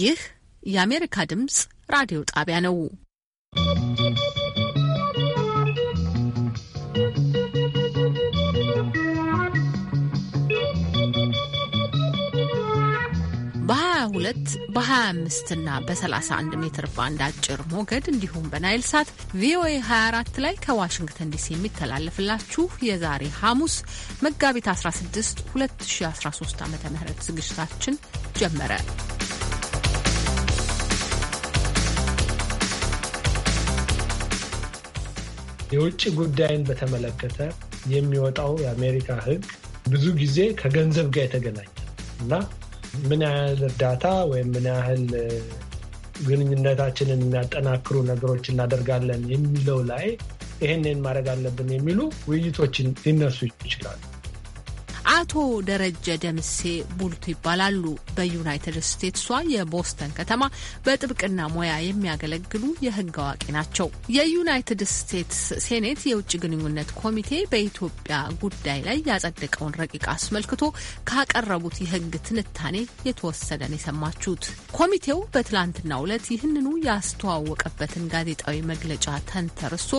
ይህ የአሜሪካ ድምፅ ራዲዮ ጣቢያ ነው። በ22 በ25 እና በ31 ሜትር ባንድ አጭር ሞገድ እንዲሁም በናይል ሳት ቪኦኤ 24 ላይ ከዋሽንግተን ዲሲ የሚተላለፍላችሁ የዛሬ ሐሙስ መጋቢት 16 2013 ዓ ም ዝግጅታችን ጀመረ። የውጭ ጉዳይን በተመለከተ የሚወጣው የአሜሪካ ሕግ ብዙ ጊዜ ከገንዘብ ጋር የተገናኘ እና ምን ያህል እርዳታ ወይም ምን ያህል ግንኙነታችንን የሚያጠናክሩ ነገሮች እናደርጋለን የሚለው ላይ ይህንን ማድረግ አለብን የሚሉ ውይይቶችን ሊነሱ ይችላሉ። አቶ ደረጀ ደምሴ ቡልቱ ይባላሉ። በዩናይትድ ስቴትሷ የቦስተን ከተማ በጥብቅና ሙያ የሚያገለግሉ የሕግ አዋቂ ናቸው። የዩናይትድ ስቴትስ ሴኔት የውጭ ግንኙነት ኮሚቴ በኢትዮጵያ ጉዳይ ላይ ያጸደቀውን ረቂቅ አስመልክቶ ካቀረቡት የሕግ ትንታኔ የተወሰደን የሰማችሁት። ኮሚቴው በትላንትናው ዕለት ይህንኑ ያስተዋወቀበትን ጋዜጣዊ መግለጫ ተንተርሶ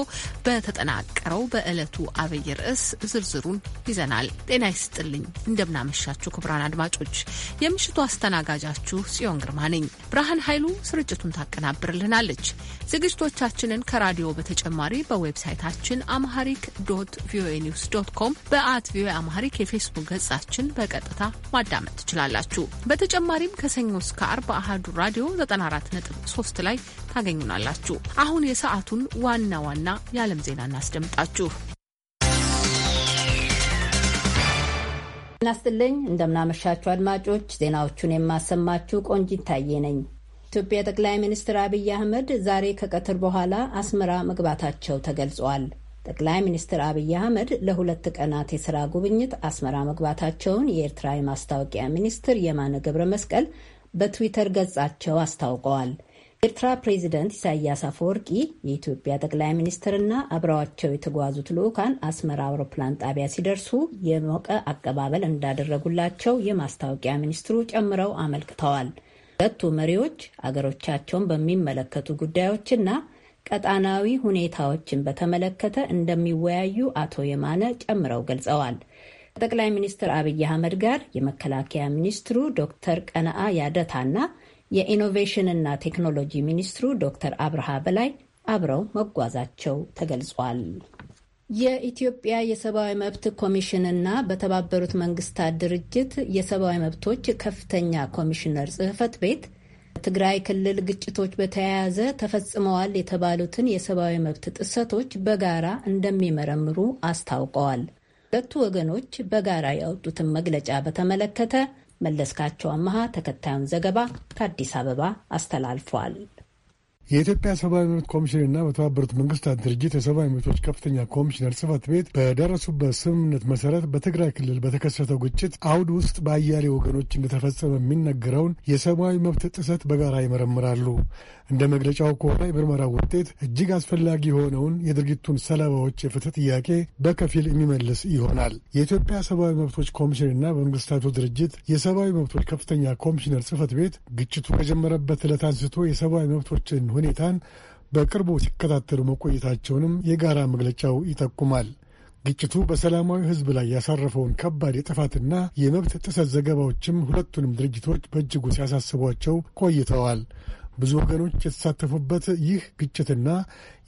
በተጠናቀረው በዕለቱ አብይ ርዕስ ዝርዝሩን ይዘናል። ጤና ይስጥ ይስጥልኝ። እንደምናመሻችሁ ክቡራን አድማጮች፣ የምሽቱ አስተናጋጃችሁ ጽዮን ግርማ ነኝ። ብርሃን ኃይሉ ስርጭቱን ታቀናብርልናለች። ዝግጅቶቻችንን ከራዲዮ በተጨማሪ በዌብሳይታችን አምሃሪክ ዶት ቪኦኤ ኒውስ ዶት ኮም፣ በአት ቪኦኤ አምሃሪክ የፌስቡክ ገጻችን በቀጥታ ማዳመጥ ትችላላችሁ። በተጨማሪም ከሰኞ እስከ አርብ አህዱ ራዲዮ 94.3 ላይ ታገኙናላችሁ። አሁን የሰዓቱን ዋና ዋና የዓለም ዜና እናስደምጣችሁ። እናስትልኝ እንደምናመሻችሁ አድማጮች፣ ዜናዎቹን የማሰማችሁ ቆንጂት ታዬ ነኝ። ኢትዮጵያ ጠቅላይ ሚኒስትር አብይ አህመድ ዛሬ ከቀትር በኋላ አስመራ መግባታቸው ተገልጿል። ጠቅላይ ሚኒስትር አብይ አህመድ ለሁለት ቀናት የስራ ጉብኝት አስመራ መግባታቸውን የኤርትራ የማስታወቂያ ሚኒስትር የማነ ገብረ መስቀል በትዊተር ገጻቸው አስታውቀዋል። የኤርትራ ፕሬዚደንት ኢሳያስ አፈወርቂ የኢትዮጵያ ጠቅላይ ሚኒስትርና አብረዋቸው የተጓዙት ልዑካን አስመራ አውሮፕላን ጣቢያ ሲደርሱ የሞቀ አቀባበል እንዳደረጉላቸው የማስታወቂያ ሚኒስትሩ ጨምረው አመልክተዋል። ሁለቱ መሪዎች አገሮቻቸውን በሚመለከቱ ጉዳዮችና ቀጣናዊ ሁኔታዎችን በተመለከተ እንደሚወያዩ አቶ የማነ ጨምረው ገልጸዋል። ከጠቅላይ ሚኒስትር አብይ አህመድ ጋር የመከላከያ ሚኒስትሩ ዶክተር ቀነአ ያደታና የኢኖቬሽንና ቴክኖሎጂ ሚኒስትሩ ዶክተር አብርሃ በላይ አብረው መጓዛቸው ተገልጿል። የኢትዮጵያ የሰብአዊ መብት ኮሚሽንና በተባበሩት መንግስታት ድርጅት የሰብአዊ መብቶች ከፍተኛ ኮሚሽነር ጽህፈት ቤት በትግራይ ክልል ግጭቶች በተያያዘ ተፈጽመዋል የተባሉትን የሰብአዊ መብት ጥሰቶች በጋራ እንደሚመረምሩ አስታውቀዋል። ሁለቱ ወገኖች በጋራ ያወጡትን መግለጫ በተመለከተ መለስካቸው አመሃ ተከታዩን ዘገባ ከአዲስ አበባ አስተላልፏል። የኢትዮጵያ ሰብአዊ መብት ኮሚሽንና በተባበሩት መንግስታት ድርጅት የሰብአዊ መብቶች ከፍተኛ ኮሚሽነር ጽህፈት ቤት በደረሱበት ስምምነት መሰረት በትግራይ ክልል በተከሰተው ግጭት አውድ ውስጥ በአያሌ ወገኖች እንደተፈጸመ የሚነገረውን የሰብአዊ መብት ጥሰት በጋራ ይመረምራሉ። እንደ መግለጫው ከሆነ የምርመራው ውጤት እጅግ አስፈላጊ የሆነውን የድርጊቱን ሰለባዎች የፍትህ ጥያቄ በከፊል የሚመልስ ይሆናል። የኢትዮጵያ ሰብአዊ መብቶች ኮሚሽንና በመንግስታቱ ድርጅት የሰብአዊ መብቶች ከፍተኛ ኮሚሽነር ጽህፈት ቤት ግጭቱ ከጀመረበት ዕለት አንስቶ የሰብአዊ መብቶችን ሁኔታን በቅርቡ ሲከታተሉ መቆየታቸውንም የጋራ መግለጫው ይጠቁማል። ግጭቱ በሰላማዊ ሕዝብ ላይ ያሳረፈውን ከባድ የጥፋትና የመብት ጥሰት ዘገባዎችም ሁለቱንም ድርጅቶች በእጅጉ ሲያሳስቧቸው ቆይተዋል። ብዙ ወገኖች የተሳተፉበት ይህ ግጭትና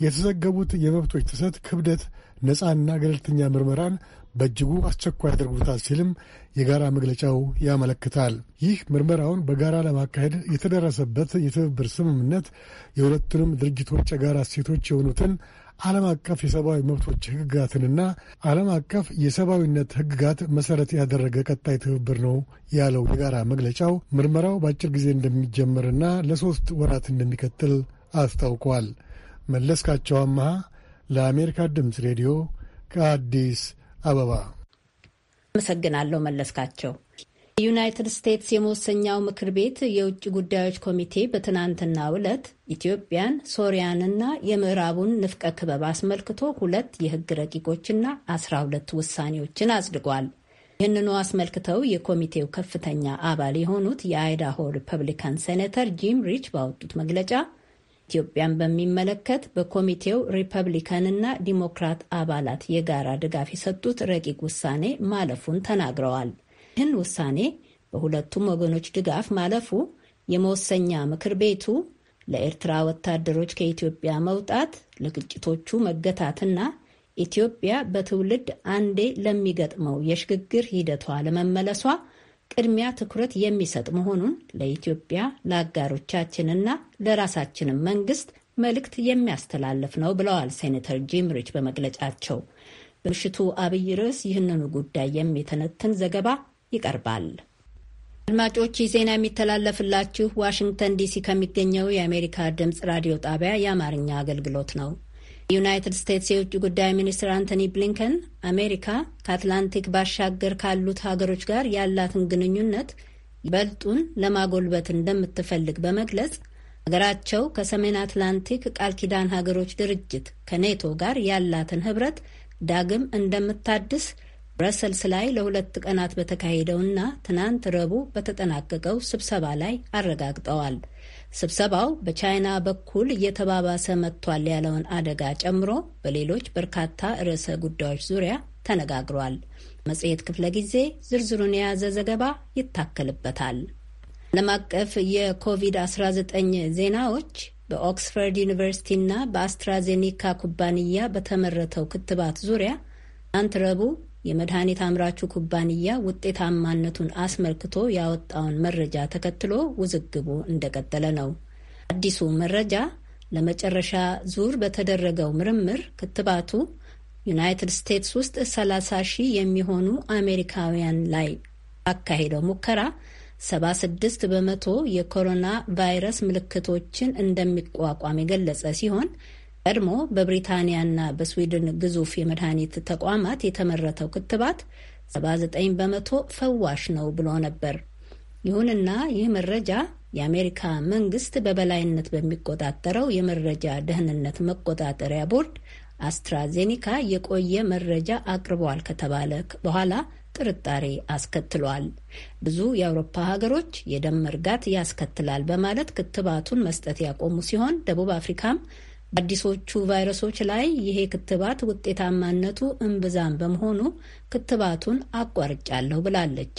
የተዘገቡት የመብቶች ጥሰት ክብደት ነፃና ገለልተኛ ምርመራን በእጅጉ አስቸኳይ ያደርጉታል ሲልም የጋራ መግለጫው ያመለክታል። ይህ ምርመራውን በጋራ ለማካሄድ የተደረሰበት የትብብር ስምምነት የሁለቱንም ድርጅቶች የጋራ እሴቶች የሆኑትን ዓለም አቀፍ የሰብአዊ መብቶች ህግጋትንና ዓለም አቀፍ የሰብአዊነት ህግጋት መሠረት ያደረገ ቀጣይ ትብብር ነው ያለው የጋራ መግለጫው ምርመራው በአጭር ጊዜ እንደሚጀመርና ለሦስት ወራት እንደሚቀጥል አስታውቋል። መለስካቸው አመሃ ለአሜሪካ ድምፅ ሬዲዮ ከአዲስ አበባ አመሰግናለሁ መለስካቸው። የዩናይትድ ስቴትስ የመወሰኛው ምክር ቤት የውጭ ጉዳዮች ኮሚቴ በትናንትናው ዕለት ኢትዮጵያን፣ ሶሪያንና የምዕራቡን ንፍቀ ክበብ አስመልክቶ ሁለት የህግ ረቂቆችና አስራ ሁለት ውሳኔዎችን አጽድቋል። ይህንኑ አስመልክተው የኮሚቴው ከፍተኛ አባል የሆኑት የአይዳሆ ሪፐብሊካን ሴኔተር ጂም ሪች ባወጡት መግለጫ ኢትዮጵያን በሚመለከት በኮሚቴው ሪፐብሊካንና ዲሞክራት አባላት የጋራ ድጋፍ የሰጡት ረቂቅ ውሳኔ ማለፉን ተናግረዋል። ይህን ውሳኔ በሁለቱም ወገኖች ድጋፍ ማለፉ የመወሰኛ ምክር ቤቱ ለኤርትራ ወታደሮች ከኢትዮጵያ መውጣት፣ ለግጭቶቹ መገታትና ኢትዮጵያ በትውልድ አንዴ ለሚገጥመው የሽግግር ሂደቷ ለመመለሷ ቅድሚያ ትኩረት የሚሰጥ መሆኑን ለኢትዮጵያ ለአጋሮቻችንና ለራሳችንም መንግስት መልእክት የሚያስተላልፍ ነው ብለዋል ሴኔተር ጂምሪች በመግለጫቸው። በምሽቱ አብይ ርዕስ ይህንኑ ጉዳይ የሚተነትን ዘገባ ይቀርባል። አድማጮች ይህ ዜና የሚተላለፍላችሁ ዋሽንግተን ዲሲ ከሚገኘው የአሜሪካ ድምፅ ራዲዮ ጣቢያ የአማርኛ አገልግሎት ነው። ዩናይትድ ስቴትስ የውጭ ጉዳይ ሚኒስትር አንቶኒ ብሊንከን አሜሪካ ከአትላንቲክ ባሻገር ካሉት ሀገሮች ጋር ያላትን ግንኙነት ይበልጡን ለማጎልበት እንደምትፈልግ በመግለጽ ሀገራቸው ከሰሜን አትላንቲክ ቃል ኪዳን ሀገሮች ድርጅት ከኔቶ ጋር ያላትን ህብረት ዳግም እንደምታድስ ብረሰልስ ላይ ለሁለት ቀናት በተካሄደውና ትናንት ረቡዕ በተጠናቀቀው ስብሰባ ላይ አረጋግጠዋል። ስብሰባው በቻይና በኩል እየተባባሰ መጥቷል ያለውን አደጋ ጨምሮ በሌሎች በርካታ ርዕሰ ጉዳዮች ዙሪያ ተነጋግሯል። መጽሔት ክፍለ ጊዜ ዝርዝሩን የያዘ ዘገባ ይታከልበታል። ዓለም አቀፍ የኮቪድ-19 ዜናዎች በኦክስፈርድ ዩኒቨርሲቲና በአስትራዜኒካ ኩባንያ በተመረተው ክትባት ዙሪያ አንት ረቡዕ የመድኃኒት አምራቹ ኩባንያ ውጤታማነቱን አስመልክቶ ያወጣውን መረጃ ተከትሎ ውዝግቡ እንደቀጠለ ነው። አዲሱ መረጃ ለመጨረሻ ዙር በተደረገው ምርምር ክትባቱ ዩናይትድ ስቴትስ ውስጥ 30 ሺህ የሚሆኑ አሜሪካውያን ላይ አካሄደው ሙከራ 76 በመቶ የኮሮና ቫይረስ ምልክቶችን እንደሚቋቋም የገለጸ ሲሆን ቀድሞ በብሪታንያና በስዊድን ግዙፍ የመድኃኒት ተቋማት የተመረተው ክትባት 79 በመቶ ፈዋሽ ነው ብሎ ነበር። ይሁንና ይህ መረጃ የአሜሪካ መንግስት በበላይነት በሚቆጣጠረው የመረጃ ደህንነት መቆጣጠሪያ ቦርድ አስትራዜኒካ የቆየ መረጃ አቅርቧል ከተባለ በኋላ ጥርጣሬ አስከትሏል። ብዙ የአውሮፓ ሀገሮች የደም መርጋት ያስከትላል በማለት ክትባቱን መስጠት ያቆሙ ሲሆን ደቡብ አፍሪካም በአዲሶቹ ቫይረሶች ላይ ይሄ ክትባት ውጤታማነቱ እምብዛም በመሆኑ ክትባቱን አቋርጫለሁ ብላለች።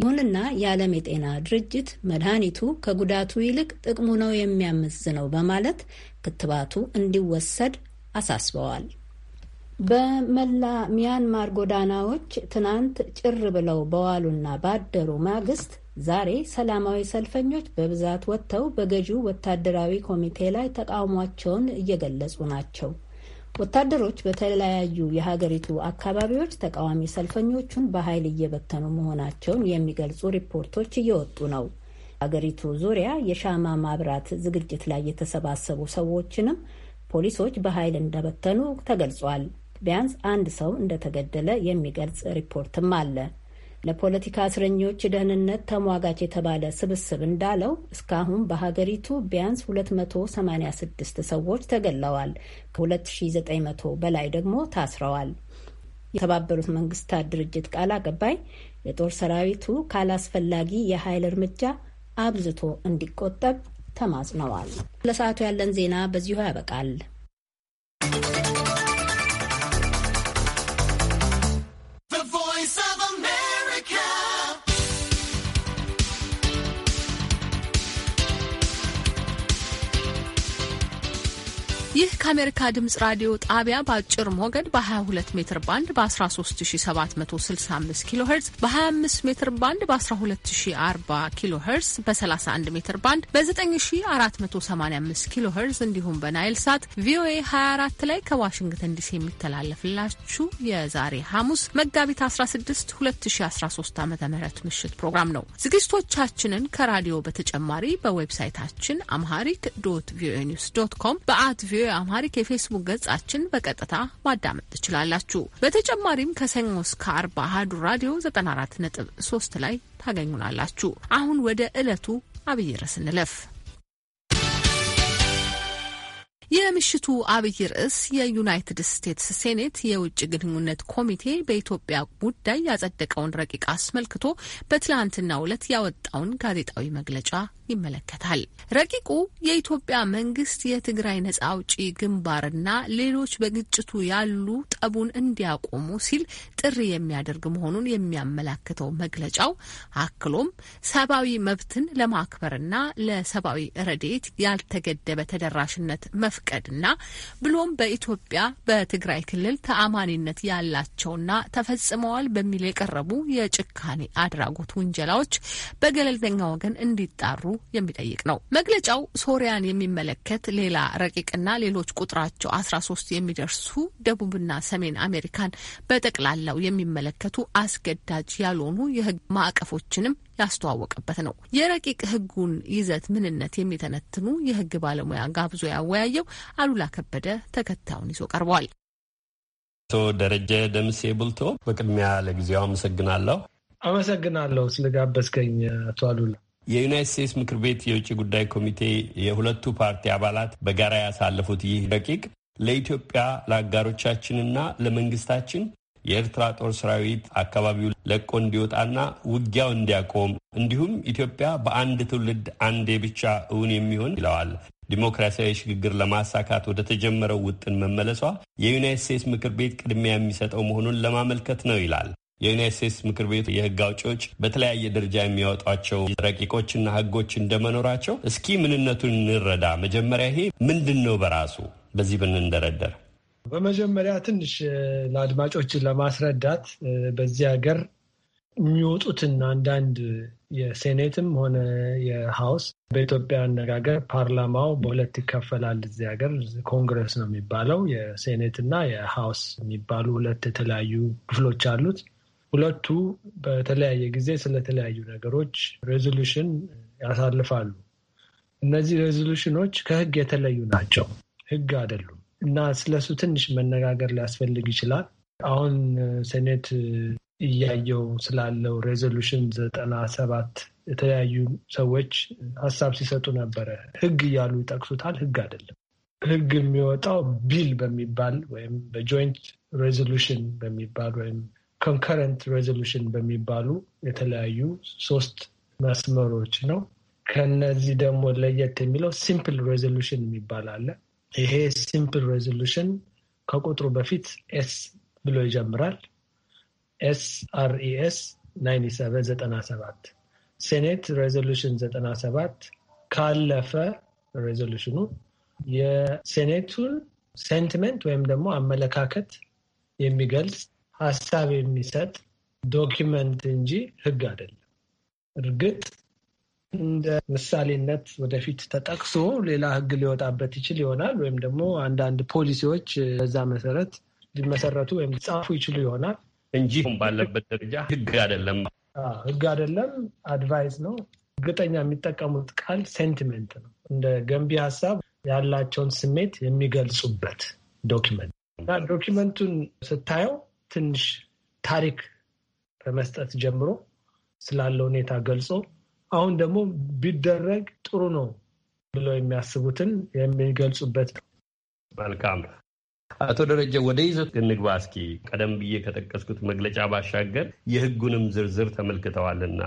ይሁንና የዓለም የጤና ድርጅት መድኃኒቱ ከጉዳቱ ይልቅ ጥቅሙ ነው የሚያመዝነው በማለት ክትባቱ እንዲወሰድ አሳስበዋል። በመላ ሚያንማር ጎዳናዎች ትናንት ጭር ብለው በዋሉና ባደሩ ማግስት ዛሬ ሰላማዊ ሰልፈኞች በብዛት ወጥተው በገዢው ወታደራዊ ኮሚቴ ላይ ተቃውሟቸውን እየገለጹ ናቸው። ወታደሮች በተለያዩ የሀገሪቱ አካባቢዎች ተቃዋሚ ሰልፈኞቹን በኃይል እየበተኑ መሆናቸውን የሚገልጹ ሪፖርቶች እየወጡ ነው። ሀገሪቱ ዙሪያ የሻማ ማብራት ዝግጅት ላይ የተሰባሰቡ ሰዎችንም ፖሊሶች በኃይል እንደበተኑ ተገልጿል። ቢያንስ አንድ ሰው እንደተገደለ የሚገልጽ ሪፖርትም አለ። ለፖለቲካ እስረኞች ደህንነት ተሟጋች የተባለ ስብስብ እንዳለው እስካሁን በሀገሪቱ ቢያንስ 286 ሰዎች ተገለዋል ከ ከ2900 በላይ ደግሞ ታስረዋል። የተባበሩት መንግስታት ድርጅት ቃል አቀባይ የጦር ሰራዊቱ ካላስፈላጊ የኃይል እርምጃ አብዝቶ እንዲቆጠብ ተማጽነዋል። ለሰዓቱ ያለን ዜና በዚሁ ያበቃል። ይህ ከአሜሪካ ድምጽ ራዲዮ ጣቢያ በአጭር ሞገድ በ22 ሜትር ባንድ በ13765 ኪሎ ሄርዝ በ25 ሜትር ባንድ በ1240 ኪሎ ሄርዝ በ31 ሜትር ባንድ በ9485 ኪሎ ሄርዝ እንዲሁም በናይል ሳት ቪኦኤ 24 ላይ ከዋሽንግተን ዲሲ የሚተላለፍላችሁ የዛሬ ሐሙስ መጋቢት 16 2013 ዓ ም ምሽት ፕሮግራም ነው። ዝግጅቶቻችንን ከራዲዮ በተጨማሪ በዌብሳይታችን አምሃሪክ ዶት ቪኦኤ ኒውስ ዶት ኮም በአት ቪኦኤ ቪኦኤ አምሃሪክ የፌስቡክ ገጻችን በቀጥታ ማዳመጥ ትችላላችሁ። በተጨማሪም ከሰኞ እስከ አርብ ራዲዮ 94.3 ላይ ታገኙናላችሁ። አሁን ወደ ዕለቱ አብይ ርዕስ እንለፍ። የምሽቱ አብይ ርዕስ የዩናይትድ ስቴትስ ሴኔት የውጭ ግንኙነት ኮሚቴ በኢትዮጵያ ጉዳይ ያጸደቀውን ረቂቅ አስመልክቶ በትላንትናው ዕለት ያወጣውን ጋዜጣዊ መግለጫ ይመለከታል። ረቂቁ የኢትዮጵያ መንግስት የትግራይ ነጻ አውጪ ግንባርና ሌሎች በግጭቱ ያሉ ጠቡን እንዲያቆሙ ሲል ጥሪ የሚያደርግ መሆኑን የሚያመላክተው መግለጫው አክሎም ሰብአዊ መብትን ለማክበርና ለሰብአዊ ረድኤት ያልተገደበ ተደራሽነት መፍቀድና ብሎም በኢትዮጵያ በትግራይ ክልል ተአማኒነት ያላቸውና ተፈጽመዋል በሚል የቀረቡ የጭካኔ አድራጎት ውንጀላዎች በገለልተኛ ወገን እንዲጣሩ የሚጠይቅ ነው። መግለጫው ሶሪያን የሚመለከት ሌላ ረቂቅና ሌሎች ቁጥራቸው አስራ ሶስት የሚደርሱ ደቡብና ሰሜን አሜሪካን በጠቅላላው የሚመለከቱ አስገዳጅ ያልሆኑ የህግ ማዕቀፎችንም ያስተዋወቀበት ነው። የረቂቅ ህጉን ይዘት ምንነት የሚተነትኑ የህግ ባለሙያ ጋብዞ ያወያየው አሉላ ከበደ ተከታዩን ይዞ ቀርቧል። አቶ ደረጀ ደምሴ ቡልቶ፣ በቅድሚያ ለጊዜው አመሰግናለሁ። አመሰግናለሁ ስለጋበዝከኝ አቶ አሉላ። የዩናይት ስቴትስ ምክር ቤት የውጭ ጉዳይ ኮሚቴ የሁለቱ ፓርቲ አባላት በጋራ ያሳለፉት ይህ ረቂቅ ለኢትዮጵያ ለአጋሮቻችንና ለመንግስታችን የኤርትራ ጦር ሰራዊት አካባቢው ለቆ እንዲወጣና ውጊያው እንዲያቆም እንዲሁም ኢትዮጵያ በአንድ ትውልድ አንዴ ብቻ እውን የሚሆን ይለዋል ዲሞክራሲያዊ ሽግግር ለማሳካት ወደ ተጀመረው ውጥን መመለሷ የዩናይት ስቴትስ ምክር ቤት ቅድሚያ የሚሰጠው መሆኑን ለማመልከት ነው ይላል። የዩናይት ስቴትስ ምክር ቤቱ የህግ አውጪዎች በተለያየ ደረጃ የሚያወጧቸው ረቂቆችና ህጎች እንደመኖራቸው እስኪ ምንነቱን እንረዳ። መጀመሪያ ይሄ ምንድን ነው በራሱ በዚህ ብንንደረደር። በመጀመሪያ ትንሽ ለአድማጮችን ለማስረዳት በዚህ ሀገር የሚወጡትን አንዳንድ የሴኔትም ሆነ የሀውስ በኢትዮጵያ አነጋገር ፓርላማው በሁለት ይከፈላል። እዚህ ሀገር ኮንግረስ ነው የሚባለው የሴኔት እና የሀውስ የሚባሉ ሁለት የተለያዩ ክፍሎች አሉት። ሁለቱ በተለያየ ጊዜ ስለተለያዩ ነገሮች ሬዞሉሽን ያሳልፋሉ። እነዚህ ሬዞሉሽኖች ከህግ የተለዩ ናቸው፣ ህግ አይደሉም እና ስለሱ ትንሽ መነጋገር ሊያስፈልግ ይችላል። አሁን ሴኔት እያየው ስላለው ሬዞሉሽን ዘጠና ሰባት የተለያዩ ሰዎች ሀሳብ ሲሰጡ ነበረ። ህግ እያሉ ይጠቅሱታል፣ ህግ አይደለም። ህግ የሚወጣው ቢል በሚባል ወይም በጆይንት ሬዞሉሽን በሚባል ወይም ኮንከረንት ሬዞሉሽን በሚባሉ የተለያዩ ሶስት መስመሮች ነው። ከነዚህ ደግሞ ለየት የሚለው ሲምፕል ሬዞሉሽን የሚባል አለ። ይሄ ሲምፕል ሬዞሉሽን ከቁጥሩ በፊት ኤስ ብሎ ይጀምራል። ኤስ አር ኢ ኤስ 9797 ሴኔት ሬዞሉሽን 97 ካለፈ ሬዞሉሽኑ የሴኔቱን ሴንቲመንት ወይም ደግሞ አመለካከት የሚገልጽ ሀሳብ የሚሰጥ ዶኪመንት እንጂ ህግ አይደለም። እርግጥ እንደ ምሳሌነት ወደፊት ተጠቅሶ ሌላ ህግ ሊወጣበት ይችል ይሆናል ወይም ደግሞ አንዳንድ ፖሊሲዎች በዛ መሰረት ሊመሰረቱ ወይም ሊጻፉ ይችሉ ይሆናል እንጂ ባለበት ደረጃ ህግ አይደለም። ህግ አይደለም፣ አድቫይስ ነው። እርግጠኛ የሚጠቀሙት ቃል ሴንቲሜንት ነው። እንደ ገንቢ ሀሳብ ያላቸውን ስሜት የሚገልጹበት ዶኪመንት እና ዶኪመንቱን ስታየው ትንሽ ታሪክ በመስጠት ጀምሮ ስላለ ሁኔታ ገልጾ አሁን ደግሞ ቢደረግ ጥሩ ነው ብለው የሚያስቡትን የሚገልጹበት መልካም አቶ ደረጀ ወደ ይዘት እንግባ እስኪ። ቀደም ብዬ ከጠቀስኩት መግለጫ ባሻገር የህጉንም ዝርዝር ተመልክተዋልና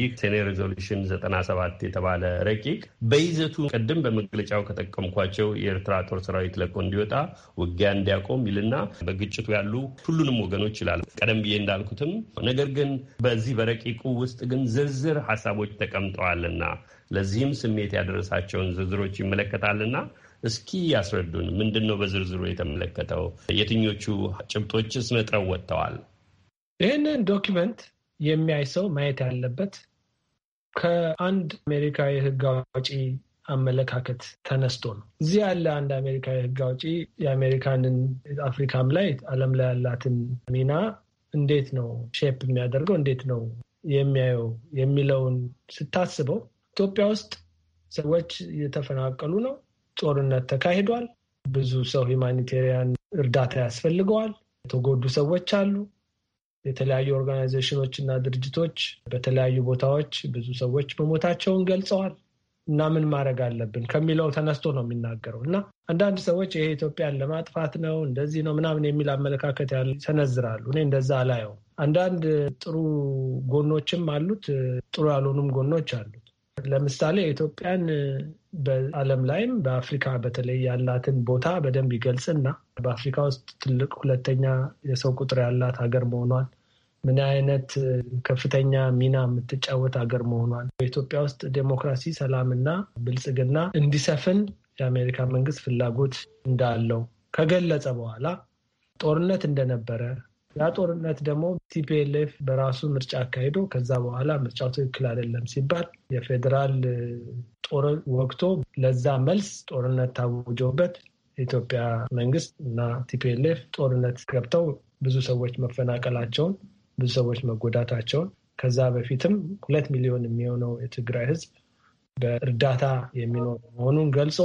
ይህ ሴኔ ሬዞሉሽን 97 የተባለ ረቂቅ በይዘቱ ቅድም በመግለጫው ከጠቀምኳቸው የኤርትራ ጦር ሰራዊት ለቆ እንዲወጣ ውጊያ እንዲያቆም ይልና በግጭቱ ያሉ ሁሉንም ወገኖች ይላል። ቀደም ብዬ እንዳልኩትም ነገር ግን በዚህ በረቂቁ ውስጥ ግን ዝርዝር ሀሳቦች ተቀምጠዋልና ለዚህም ስሜት ያደረሳቸውን ዝርዝሮች ይመለከታልና እስኪ ያስረዱን። ምንድን ነው በዝርዝሩ የተመለከተው? የትኞቹ ጭብጦችስ ነጥረው ወጥተዋል? ይህንን ዶኪመንት የሚያይ ሰው ማየት ያለበት ከአንድ አሜሪካዊ ሕግ አውጪ አመለካከት ተነስቶ ነው። እዚህ ያለ አንድ አሜሪካዊ ሕግ አውጪ የአሜሪካንን አፍሪካም ላይ ዓለም ላይ ያላትን ሚና እንዴት ነው ሼፕ የሚያደርገው እንዴት ነው የሚያየው የሚለውን ስታስበው ኢትዮጵያ ውስጥ ሰዎች እየተፈናቀሉ ነው። ጦርነት ተካሂዷል። ብዙ ሰው ሁማኒቴሪያን እርዳታ ያስፈልገዋል። የተጎዱ ሰዎች አሉ። የተለያዩ ኦርጋናይዜሽኖች እና ድርጅቶች በተለያዩ ቦታዎች ብዙ ሰዎች መሞታቸውን ገልጸዋል እና ምን ማድረግ አለብን ከሚለው ተነስቶ ነው የሚናገረው እና አንዳንድ ሰዎች ይሄ ኢትዮጵያን ለማጥፋት ነው እንደዚህ ነው ምናምን የሚል አመለካከት ያሉ ይሰነዝራሉ። እኔ እንደዛ አላየው። አንዳንድ ጥሩ ጎኖችም አሉት፣ ጥሩ ያልሆኑም ጎኖች አሉ። ለምሳሌ ኢትዮጵያን በዓለም ላይም በአፍሪካ በተለይ ያላትን ቦታ በደንብ ይገልጽና በአፍሪካ ውስጥ ትልቅ ሁለተኛ የሰው ቁጥር ያላት ሀገር መሆኗን ምን አይነት ከፍተኛ ሚና የምትጫወት ሀገር መሆኗን በኢትዮጵያ ውስጥ ዴሞክራሲ፣ ሰላምና ብልጽግና እንዲሰፍን የአሜሪካ መንግስት ፍላጎት እንዳለው ከገለጸ በኋላ ጦርነት እንደነበረ ያ ጦርነት ደግሞ ቲፒኤልኤፍ በራሱ ምርጫ አካሂዶ ከዛ በኋላ ምርጫው ትክክል አይደለም ሲባል የፌዴራል ጦር ወቅቶ ለዛ መልስ ጦርነት ታውጆበት የኢትዮጵያ መንግስት እና ቲፒኤልኤፍ ጦርነት ገብተው ብዙ ሰዎች መፈናቀላቸውን፣ ብዙ ሰዎች መጎዳታቸውን ከዛ በፊትም ሁለት ሚሊዮን የሚሆነው የትግራይ ህዝብ በእርዳታ የሚኖር መሆኑን ገልጾ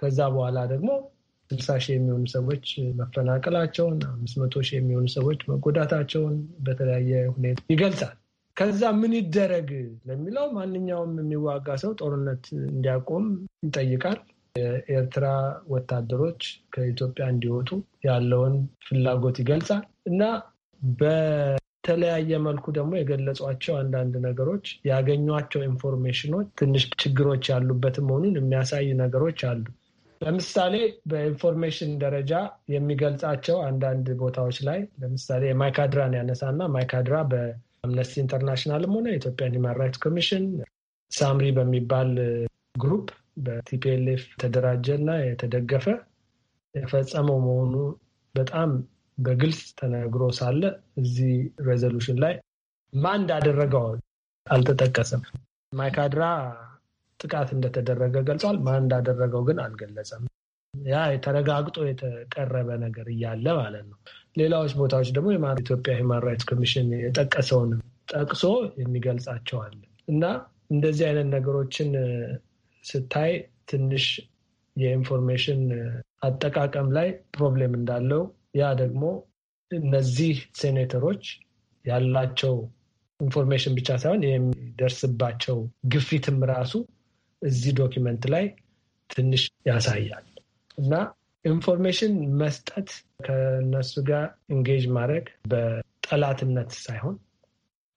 ከዛ በኋላ ደግሞ ስልሳ ሺህ የሚሆኑ ሰዎች መፈናቀላቸውን፣ አምስት መቶ ሺህ የሚሆኑ ሰዎች መጎዳታቸውን በተለያየ ሁኔታ ይገልጻል። ከዛ ምን ይደረግ ለሚለው ማንኛውም የሚዋጋ ሰው ጦርነት እንዲያቆም ይጠይቃል። የኤርትራ ወታደሮች ከኢትዮጵያ እንዲወጡ ያለውን ፍላጎት ይገልጻል እና በተለያየ መልኩ ደግሞ የገለጿቸው አንዳንድ ነገሮች ያገኟቸው ኢንፎርሜሽኖች ትንሽ ችግሮች ያሉበት መሆኑን የሚያሳይ ነገሮች አሉ። ለምሳሌ በኢንፎርሜሽን ደረጃ የሚገልጻቸው አንዳንድ ቦታዎች ላይ ለምሳሌ የማይካድራን ያነሳና ማይካድራ በአምነስቲ ኢንተርናሽናልም ሆነ የኢትዮጵያን ሂማን ራይትስ ኮሚሽን ሳምሪ በሚባል ግሩፕ በቲፒኤልኤፍ የተደራጀ እና የተደገፈ የፈጸመው መሆኑ በጣም በግልጽ ተነግሮ ሳለ እዚህ ሬዞሉሽን ላይ ማን እንዳደረገው አልተጠቀሰም። ማይካድራ ጥቃት እንደተደረገ ገልጿል። ማን እንዳደረገው ግን አልገለጸም። ያ የተረጋግጦ የተቀረበ ነገር እያለ ማለት ነው። ሌላዎች ቦታዎች ደግሞ ኢትዮጵያ ሂማን ራይትስ ኮሚሽን የጠቀሰውን ጠቅሶ የሚገልጻቸዋል እና እንደዚህ አይነት ነገሮችን ስታይ ትንሽ የኢንፎርሜሽን አጠቃቀም ላይ ፕሮብሌም እንዳለው ያ ደግሞ እነዚህ ሴኔተሮች ያላቸው ኢንፎርሜሽን ብቻ ሳይሆን የሚደርስባቸው ግፊትም ራሱ እዚህ ዶኪመንት ላይ ትንሽ ያሳያል እና ኢንፎርሜሽን መስጠት ከነሱ ጋር ኢንጌጅ ማድረግ በጠላትነት ሳይሆን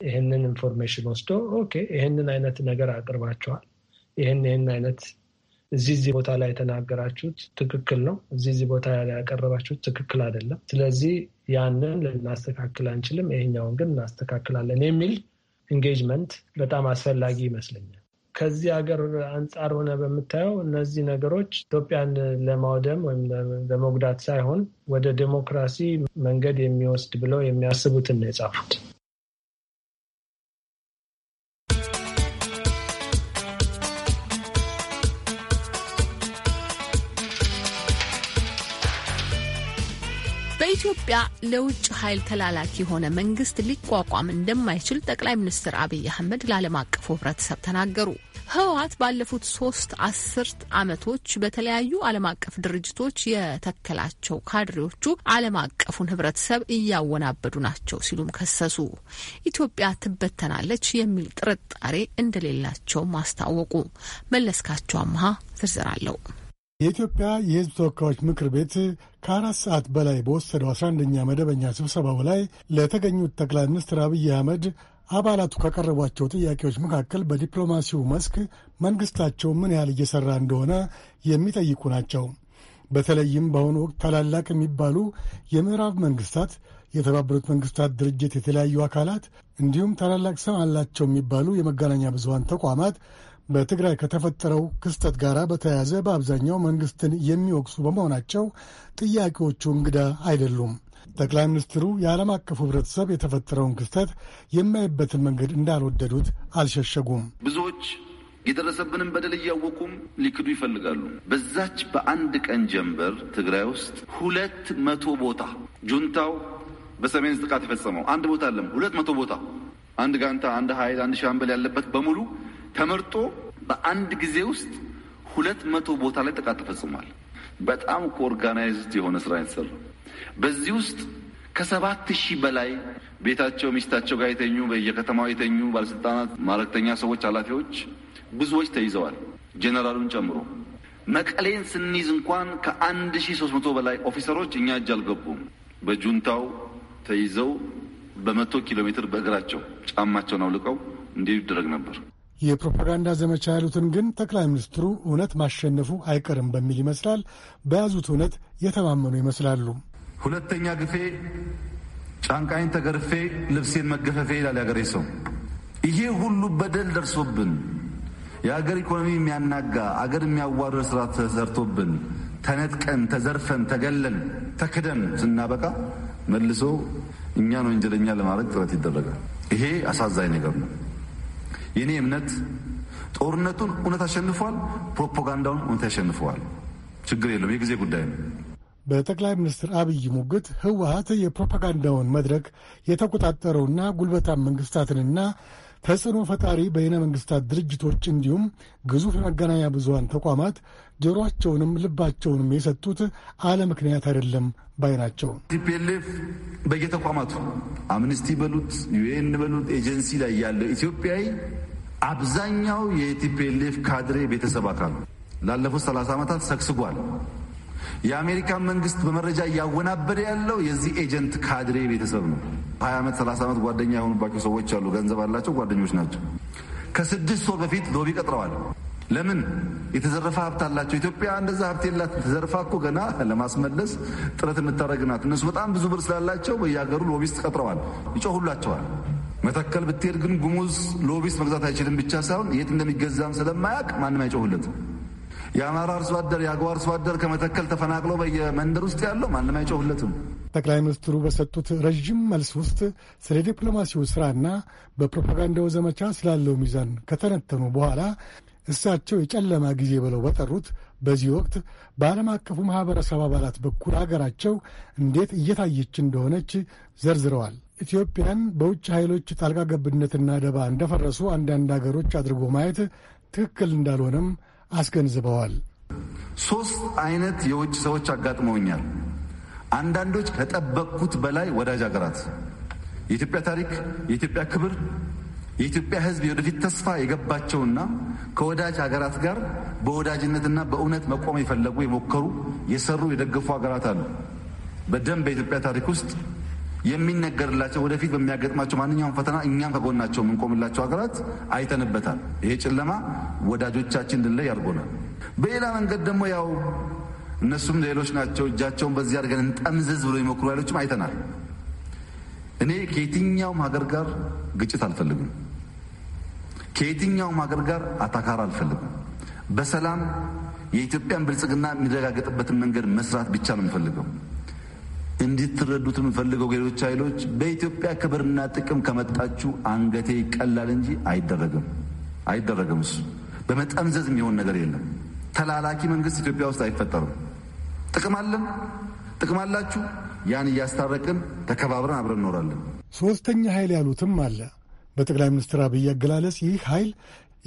ይህንን ኢንፎርሜሽን ወስዶ ኦኬ ይህንን አይነት ነገር አቅርባቸዋል፣ ይህን ይህን አይነት እዚህ እዚህ ቦታ ላይ የተናገራችሁት ትክክል ነው፣ እዚህ እዚህ ቦታ ላይ ያቀረባችሁት ትክክል አይደለም። ስለዚህ ያንን ልናስተካክል አንችልም፣ ይሄኛውን ግን እናስተካክላለን የሚል ኢንጌጅመንት በጣም አስፈላጊ ይመስለኛል። ከዚህ ሀገር አንጻር ሆነ በምታየው እነዚህ ነገሮች ኢትዮጵያን ለማውደም ወይም ለመጉዳት ሳይሆን ወደ ዴሞክራሲ መንገድ የሚወስድ ብለው የሚያስቡትን ነው የጻፉት። ኢትዮጵያ ለውጭ ኃይል ተላላኪ የሆነ መንግስት ሊቋቋም እንደማይችል ጠቅላይ ሚኒስትር አብይ አህመድ ለዓለም አቀፉ ህብረተሰብ ተናገሩ። ህወሀት ባለፉት ሶስት አስርት ዓመቶች በተለያዩ ዓለም አቀፍ ድርጅቶች የተከላቸው ካድሬዎቹ ዓለም አቀፉን ህብረተሰብ እያወናበዱ ናቸው ሲሉም ከሰሱ። ኢትዮጵያ ትበተናለች የሚል ጥርጣሬ እንደሌላቸውም አስታወቁ። መለስካቸው አምሃ ዝርዝር አለው። የኢትዮጵያ የሕዝብ ተወካዮች ምክር ቤት ከአራት ሰዓት በላይ በወሰደው አስራ አንደኛ መደበኛ ስብሰባው ላይ ለተገኙት ጠቅላይ ሚኒስትር አብይ አህመድ አባላቱ ካቀረቧቸው ጥያቄዎች መካከል በዲፕሎማሲው መስክ መንግስታቸው ምን ያህል እየሰራ እንደሆነ የሚጠይቁ ናቸው። በተለይም በአሁኑ ወቅት ታላላቅ የሚባሉ የምዕራብ መንግስታት፣ የተባበሩት መንግስታት ድርጅት የተለያዩ አካላት እንዲሁም ታላላቅ ስም አላቸው የሚባሉ የመገናኛ ብዙሃን ተቋማት በትግራይ ከተፈጠረው ክስተት ጋር በተያያዘ በአብዛኛው መንግስትን የሚወቅሱ በመሆናቸው ጥያቄዎቹ እንግዳ አይደሉም። ጠቅላይ ሚኒስትሩ የዓለም አቀፉ ህብረተሰብ የተፈጠረውን ክስተት የማይበትን መንገድ እንዳልወደዱት አልሸሸጉም። ብዙዎች የደረሰብንም በደል እያወቁም ሊክዱ ይፈልጋሉ። በዛች በአንድ ቀን ጀንበር ትግራይ ውስጥ ሁለት መቶ ቦታ ጁንታው በሰሜን ጥቃት የፈጸመው አንድ ቦታ አለም ሁለት መቶ ቦታ አንድ ጋንታ፣ አንድ ኃይል፣ አንድ ሻምበል ያለበት በሙሉ ተመርጦ በአንድ ጊዜ ውስጥ ሁለት መቶ ቦታ ላይ ጥቃት ተፈጽሟል። በጣም ኦርጋናይዝድ የሆነ ስራ የተሰራ በዚህ ውስጥ ከሰባት ሺህ በላይ ቤታቸው ሚስታቸው ጋር የተኙ በየከተማው የተኙ ባለስልጣናት፣ ማለተኛ ሰዎች፣ ኃላፊዎች ብዙዎች ተይዘዋል፣ ጄኔራሉን ጨምሮ። መቀሌን ስንይዝ እንኳን ከአንድ ሺህ ሶስት መቶ በላይ ኦፊሰሮች እኛ እጅ አልገቡም። በጁንታው ተይዘው በመቶ ኪሎ ሜትር በእግራቸው ጫማቸውን አውልቀው እንዲሄዱ ይደረግ ነበር። የፕሮፓጋንዳ ዘመቻ ያሉትን ግን ጠቅላይ ሚኒስትሩ እውነት ማሸነፉ አይቀርም በሚል ይመስላል በያዙት እውነት የተማመኑ ይመስላሉ። ሁለተኛ ግፌ ጫንቃይን ተገርፌ ልብሴን መገፈፌ ይላል የአገሬ ሰው። ይሄ ሁሉ በደል ደርሶብን የአገር ኢኮኖሚ የሚያናጋ አገር የሚያዋርር ስራ ተሰርቶብን ተነጥቀን ተዘርፈን ተገለን ተክደን ስናበቃ መልሶ እኛን ወንጀለኛ ለማድረግ ጥረት ይደረጋል። ይሄ አሳዛኝ ነገር ነው። የእኔ እምነት ጦርነቱን እውነት አሸንፏል፣ ፕሮፓጋንዳውን እውነት ያሸንፈዋል። ችግር የለም የጊዜ ጉዳይ ነው። በጠቅላይ ሚኒስትር አብይ ሙግት ህወሀት የፕሮፓጋንዳውን መድረክ የተቆጣጠረውና ጉልበታም መንግስታትንና ተጽዕኖ ፈጣሪ በይነ መንግስታት ድርጅቶች እንዲሁም ግዙፍ የመገናኛ ብዙሀን ተቋማት ጆሮአቸውንም ልባቸውንም የሰጡት አለ ምክንያት አይደለም ባይ ናቸው። ቲፒኤልኤፍ በየተቋማቱ አምኒስቲ በሉት ዩኤን በሉት ኤጀንሲ ላይ ያለ ኢትዮጵያዊ አብዛኛው የቲፒኤልኤፍ ካድሬ ቤተሰብ አካል ላለፉት ሰላሳ ዓመታት ሰግስጓል። የአሜሪካን መንግስት በመረጃ እያወናበደ ያለው የዚህ ኤጀንት ካድሬ ቤተሰብ ነው። ሀያ ዓመት ሰላሳ ዓመት ጓደኛ የሆኑባቸው ሰዎች አሉ። ገንዘብ አላቸው፣ ጓደኞች ናቸው። ከስድስት ወር በፊት ሎቢ ቀጥረዋል። ለምን የተዘረፈ ሀብት አላቸው። ኢትዮጵያ እንደዛ ሀብት የላት። ተዘርፋ እኮ ገና ለማስመለስ ጥረት የምታደርግ ናት። እነሱ በጣም ብዙ ብር ስላላቸው በየሀገሩ ሎቢስት ቀጥረዋል፣ ይጮሁላቸዋል። መተከል ብትሄድ ግን ጉሙዝ ሎቢስት መግዛት አይችልም ብቻ ሳይሆን የት እንደሚገዛም ስለማያውቅ ማንም አይጮሁለትም። የአማራ አርሶ አደር የአገው አርሶ አደር ከመተከል ተፈናቅለው በየመንደር ውስጥ ያለው ማንም አይጮሁለትም። ጠቅላይ ሚኒስትሩ በሰጡት ረዥም መልስ ውስጥ ስለ ዲፕሎማሲው ስራና በፕሮፓጋንዳው ዘመቻ ስላለው ሚዛን ከተነተኑ በኋላ እሳቸው የጨለማ ጊዜ ብለው በጠሩት በዚህ ወቅት በዓለም አቀፉ ማኅበረሰብ አባላት በኩል አገራቸው እንዴት እየታየች እንደሆነች ዘርዝረዋል። ኢትዮጵያን በውጭ ኃይሎች ጣልቃ ገብነትና ደባ እንደፈረሱ አንዳንድ አገሮች አድርጎ ማየት ትክክል እንዳልሆነም አስገንዝበዋል። ሦስት አይነት የውጭ ሰዎች አጋጥመውኛል። አንዳንዶች ከጠበቅኩት በላይ ወዳጅ አገራት የኢትዮጵያ ታሪክ፣ የኢትዮጵያ ክብር፣ የኢትዮጵያ ሕዝብ የወደፊት ተስፋ የገባቸውና ከወዳጅ ሀገራት ጋር በወዳጅነትና በእውነት መቆም የፈለጉ የሞከሩ፣ የሰሩ፣ የደገፉ ሀገራት አሉ። በደንብ በኢትዮጵያ ታሪክ ውስጥ የሚነገርላቸው ወደፊት በሚያገጥማቸው ማንኛውም ፈተና እኛም ከጎናቸው የምንቆምላቸው ሀገራት አይተንበታል። ይሄ ጨለማ ወዳጆቻችን እንድንለይ አድርጎናል። በሌላ መንገድ ደግሞ ያው እነሱም ሌሎች ናቸው እጃቸውን በዚህ አድርገን እንጠምዝዝ ብሎ የሞክሩ ኃይሎችም አይተናል። እኔ ከየትኛውም ሀገር ጋር ግጭት አልፈልግም። ከየትኛውም ሀገር ጋር አታካር አልፈልግም። በሰላም የኢትዮጵያን ብልጽግና የሚረጋገጥበትን መንገድ መስራት ብቻ ነው የምፈልገው። እንድትረዱት የምፈልገው ሌሎች ኃይሎች በኢትዮጵያ ክብርና ጥቅም ከመጣችሁ አንገቴ ይቀላል እንጂ አይደረግም አይደረግም። እሱ በመጠምዘዝ የሚሆን ነገር የለም። ተላላኪ መንግስት ኢትዮጵያ ውስጥ አይፈጠርም። ጥቅም አለን፣ ጥቅም አላችሁ። ያን እያስታረቅን ተከባብረን አብረን እኖራለን። ሶስተኛ ኃይል ያሉትም አለ በጠቅላይ ሚኒስትር አብይ አገላለጽ ይህ ኃይል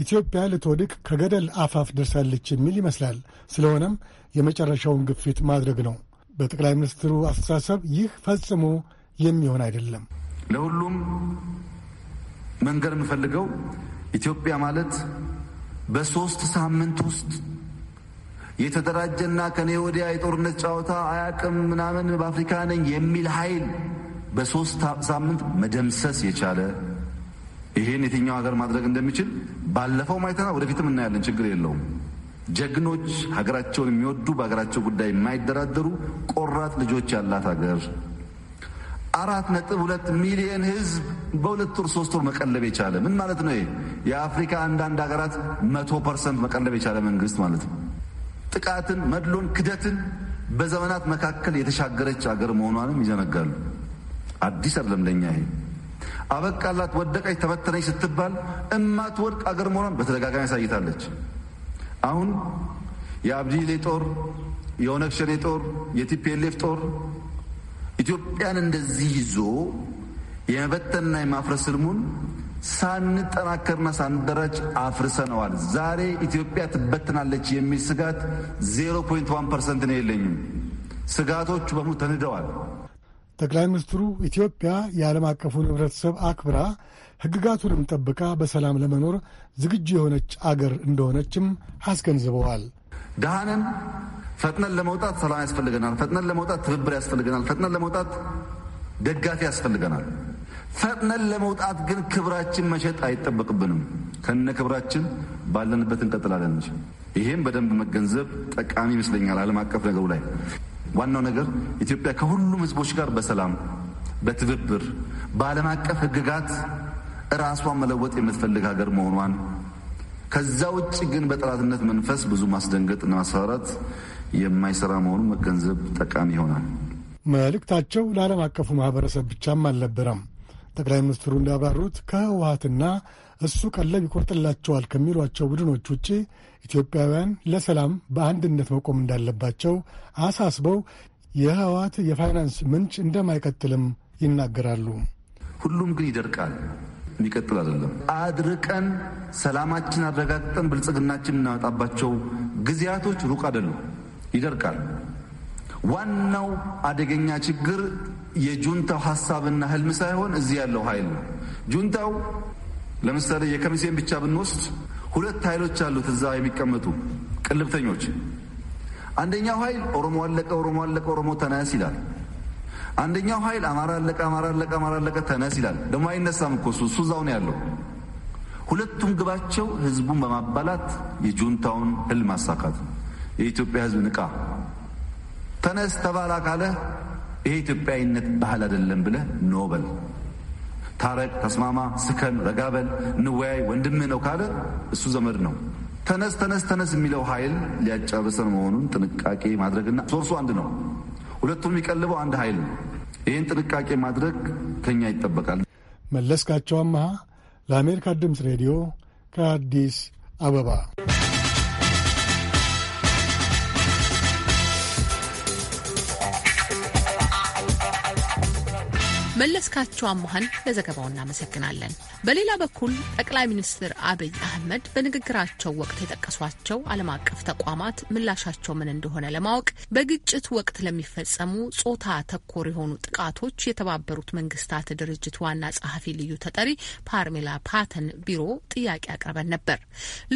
ኢትዮጵያ ልትወድቅ ከገደል አፋፍ ደርሳለች የሚል ይመስላል። ስለሆነም የመጨረሻውን ግፊት ማድረግ ነው። በጠቅላይ ሚኒስትሩ አስተሳሰብ ይህ ፈጽሞ የሚሆን አይደለም። ለሁሉም መንገድ የምፈልገው ኢትዮጵያ ማለት በሶስት ሳምንት ውስጥ የተደራጀና ከኔ ወዲያ የጦርነት ጨዋታ አያቅም ምናምን በአፍሪካ ነኝ የሚል ኃይል በሶስት ሳምንት መደምሰስ የቻለ ይሄን የትኛው ሀገር ማድረግ እንደሚችል ባለፈው ማይተና ወደፊትም እናያለን። ችግር የለውም። ጀግኖች፣ ሀገራቸውን የሚወዱ በሀገራቸው ጉዳይ የማይደራደሩ ቆራጥ ልጆች ያላት ሀገር አራት ነጥብ ሁለት ሚሊየን ህዝብ በሁለት ወር ሶስት ወር መቀለብ የቻለ ምን ማለት ነው? የአፍሪካ አንዳንድ ሀገራት መቶ ፐርሰንት መቀለብ የቻለ መንግስት ማለት ነው። ጥቃትን፣ መድሎን፣ ክደትን በዘመናት መካከል የተሻገረች ሀገር መሆኗንም ይዘነጋሉ። አዲስ አይደለም ለእኛ ይሄ አበቃላት፣ ወደቀች፣ ተበተነች ስትባል እማትወድቅ አገር መሆኗን በተደጋጋሚ ያሳይታለች። አሁን የአብዲሌ ጦር፣ የኦነግ ሸኔ ጦር፣ የቲፒኤልኤፍ ጦር ኢትዮጵያን እንደዚህ ይዞ የመበተንና የማፍረስ ስልሙን ሳንጠናከርና ሳንደራጅ አፍርሰነዋል። ዛሬ ኢትዮጵያ ትበትናለች የሚል ስጋት 0.1 ፐርሰንት ነው የለኝም። ስጋቶቹ በሙሉ ተንደዋል። ጠቅላይ ሚኒስትሩ ኢትዮጵያ የዓለም አቀፉን ህብረተሰብ አክብራ ሕግጋቱንም ጠብቃ በሰላም ለመኖር ዝግጁ የሆነች አገር እንደሆነችም አስገንዝበዋል። ድሃንን ፈጥነን ለመውጣት ሰላም ያስፈልገናል። ፈጥነን ለመውጣት ትብብር ያስፈልገናል። ፈጥነን ለመውጣት ደጋፊ ያስፈልገናል። ፈጥነን ለመውጣት ግን ክብራችን መሸጥ አይጠበቅብንም። ከነ ክብራችን ባለንበት እንቀጥላለን። ይህም በደንብ መገንዘብ ጠቃሚ ይመስለኛል። ዓለም አቀፍ ነገሩ ላይ ዋናው ነገር ኢትዮጵያ ከሁሉም ህዝቦች ጋር በሰላም በትብብር በዓለም አቀፍ ህግጋት ራሷን መለወጥ የምትፈልግ ሀገር መሆኗን ከዛ ውጭ ግን በጠላትነት መንፈስ ብዙ ማስደንገጥ እና ማስፈራራት የማይሰራ መሆኑን መገንዘብ ጠቃሚ ይሆናል። መልእክታቸው ለዓለም አቀፉ ማህበረሰብ ብቻም አልነበረም። ጠቅላይ ሚኒስትሩ እንዳብራሩት ከህወሀትና እሱ ቀለብ ይቆርጥላቸዋል ከሚሏቸው ቡድኖች ውጭ ኢትዮጵያውያን ለሰላም በአንድነት መቆም እንዳለባቸው አሳስበው የህወሓት የፋይናንስ ምንጭ እንደማይቀጥልም ይናገራሉ። ሁሉም ግን ይደርቃል፣ የሚቀጥል አይደለም። አድርቀን ሰላማችን አረጋግጠን ብልጽግናችን እናወጣባቸው ጊዜያቶች ሩቅ አይደሉም፣ ይደርቃል። ዋናው አደገኛ ችግር የጁንታው ሀሳብና ህልም ሳይሆን እዚህ ያለው ኃይል ነው። ጁንታው ለምሳሌ የከሚሴን ብቻ ብንወስድ ሁለት ኃይሎች አሉት እዛ የሚቀመጡ ቅልብተኞች። አንደኛው ኃይል ኦሮሞ አለቀ፣ ኦሮሞ አለቀ፣ ኦሮሞ ተነስ ይላል። አንደኛው ኃይል አማራ አለቀ፣ አማራ አለቀ፣ አማራ አለቀ ተነስ ይላል። ደግሞ አይነሳም እኮ እሱ እሱ እዛው ነው ያለው። ሁለቱም ግባቸው ህዝቡን በማባላት የጁንታውን ህል ማሳካት። የኢትዮጵያ ህዝብ ንቃ፣ ተነስ ተባላ ካለ ይሄ ኢትዮጵያዊነት ባህል አይደለም ብለህ ኖበል ታረቅ፣ ተስማማ፣ ስከን፣ ረጋበል፣ እንወያይ፣ ወንድምህ ነው ካለ እሱ ዘመድ ነው። ተነስ ተነስ ተነስ የሚለው ኃይል ሊያጫበሰን መሆኑን ጥንቃቄ ማድረግና ሶርሱ አንድ ነው። ሁለቱም የሚቀልበው አንድ ኃይል ነው። ይህን ጥንቃቄ ማድረግ ከኛ ይጠበቃል። መለስካቸው አመሃ ለአሜሪካ ድምፅ ሬዲዮ ከአዲስ አበባ መለስካቸው አመሀን ለዘገባው እናመሰግናለን። በሌላ በኩል ጠቅላይ ሚኒስትር አብይ አህመድ በንግግራቸው ወቅት የጠቀሷቸው ዓለም አቀፍ ተቋማት ምላሻቸው ምን እንደሆነ ለማወቅ በግጭት ወቅት ለሚፈጸሙ ጾታ ተኮር የሆኑ ጥቃቶች የተባበሩት መንግስታት ድርጅት ዋና ጸሐፊ ልዩ ተጠሪ ፓርሜላ ፓተን ቢሮ ጥያቄ አቅርበን ነበር።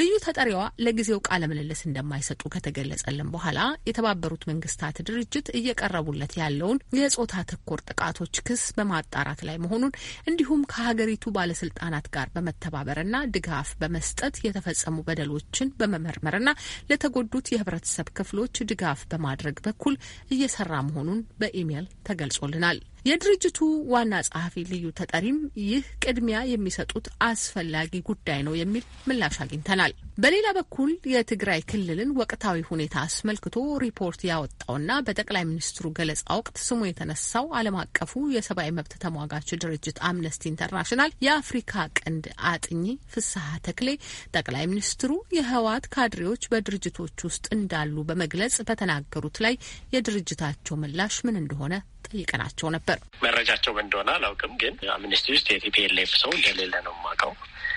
ልዩ ተጠሪዋ ለጊዜው ቃለ ምልልስ እንደማይሰጡ ከተገለጸልን በኋላ የተባበሩት መንግስታት ድርጅት እየቀረቡለት ያለውን የጾታ ተኮር ጥቃቶች ክስ በማ በማጣራት ላይ መሆኑን እንዲሁም ከሀገሪቱ ባለስልጣናት ጋር በመተባበርና ድጋፍ በመስጠት የተፈጸሙ በደሎችን በመመርመርና ለተጎዱት የህብረተሰብ ክፍሎች ድጋፍ በማድረግ በኩል እየሰራ መሆኑን በኢሜይል ተገልጾልናል። የድርጅቱ ዋና ጸሐፊ ልዩ ተጠሪም ይህ ቅድሚያ የሚሰጡት አስፈላጊ ጉዳይ ነው የሚል ምላሽ አግኝተናል። በሌላ በኩል የትግራይ ክልልን ወቅታዊ ሁኔታ አስመልክቶ ሪፖርት ያወጣውና በጠቅላይ ሚኒስትሩ ገለጻ ወቅት ስሙ የተነሳው ዓለም አቀፉ የሰብአዊ መብት ተሟጋች ድርጅት አምነስቲ ኢንተርናሽናል የአፍሪካ ቀንድ አጥኚ ፍስሐ ተክሌ ጠቅላይ ሚኒስትሩ የህወሓት ካድሬዎች በድርጅቶች ውስጥ እንዳሉ በመግለጽ በተናገሩት ላይ የድርጅታቸው ምላሽ ምን እንደሆነ ጠይቀናቸው ነበር። መረጃቸው እንደሆነ አላውቅም፣ ግን አምነስቲ ውስጥ የቲፒኤልኤፍ ሰው እንደሌለ ነው የማውቀው።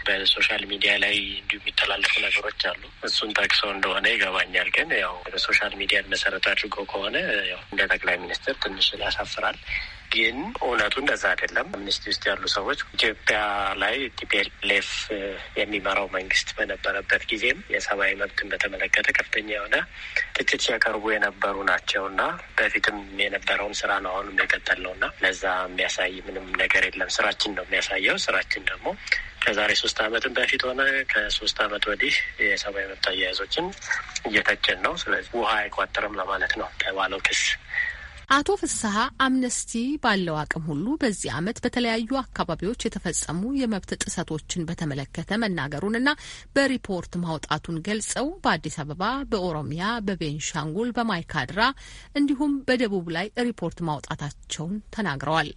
በሶሻል ሚዲያ ላይ እንዲሁ የሚተላለፉ ነገሮች አሉ። እሱን ጠቅሰው እንደሆነ ይገባኛል። ግን ያው በሶሻል ሚዲያን መሰረት አድርጎ ከሆነ ያው እንደ ጠቅላይ ሚኒስትር ትንሽ ያሳፍራል። ግን እውነቱ እንደዛ አይደለም። አምነስቲ ውስጥ ያሉ ሰዎች ኢትዮጵያ ላይ ቲፒኤልኤፍ የሚመራው መንግስት በነበረበት ጊዜም የሰብአዊ መብትን በተመለከተ ከፍተኛ የሆነ ትችት ሲያቀርቡ የነበሩ ናቸው እና በፊትም የነበረውን ስራ ነው አሁንም የቀጠልነው እና ለዛ የሚያሳይ ምንም ነገር የለም። ስራችን ነው የሚያሳየው። ስራችን ደግሞ ከዛሬ ሶስት አመትም በፊት ሆነ ከሶስት አመት ወዲህ የሰብአዊ መብት አያያዞችን እየተችን ነው። ስለዚህ ውሃ አይቋጥርም ለማለት ነው ተባለው ክስ አቶ ፍስሀ አምነስቲ ባለው አቅም ሁሉ በዚህ ዓመት በተለያዩ አካባቢዎች የተፈጸሙ የመብት ጥሰቶችን በተመለከተ መናገሩንና በሪፖርት ማውጣቱን ገልጸው በአዲስ አበባ፣ በኦሮሚያ፣ በቤንሻንጉል፣ በማይካድራ እንዲሁም በደቡብ ላይ ሪፖርት ማውጣታቸውን ተናግረዋል።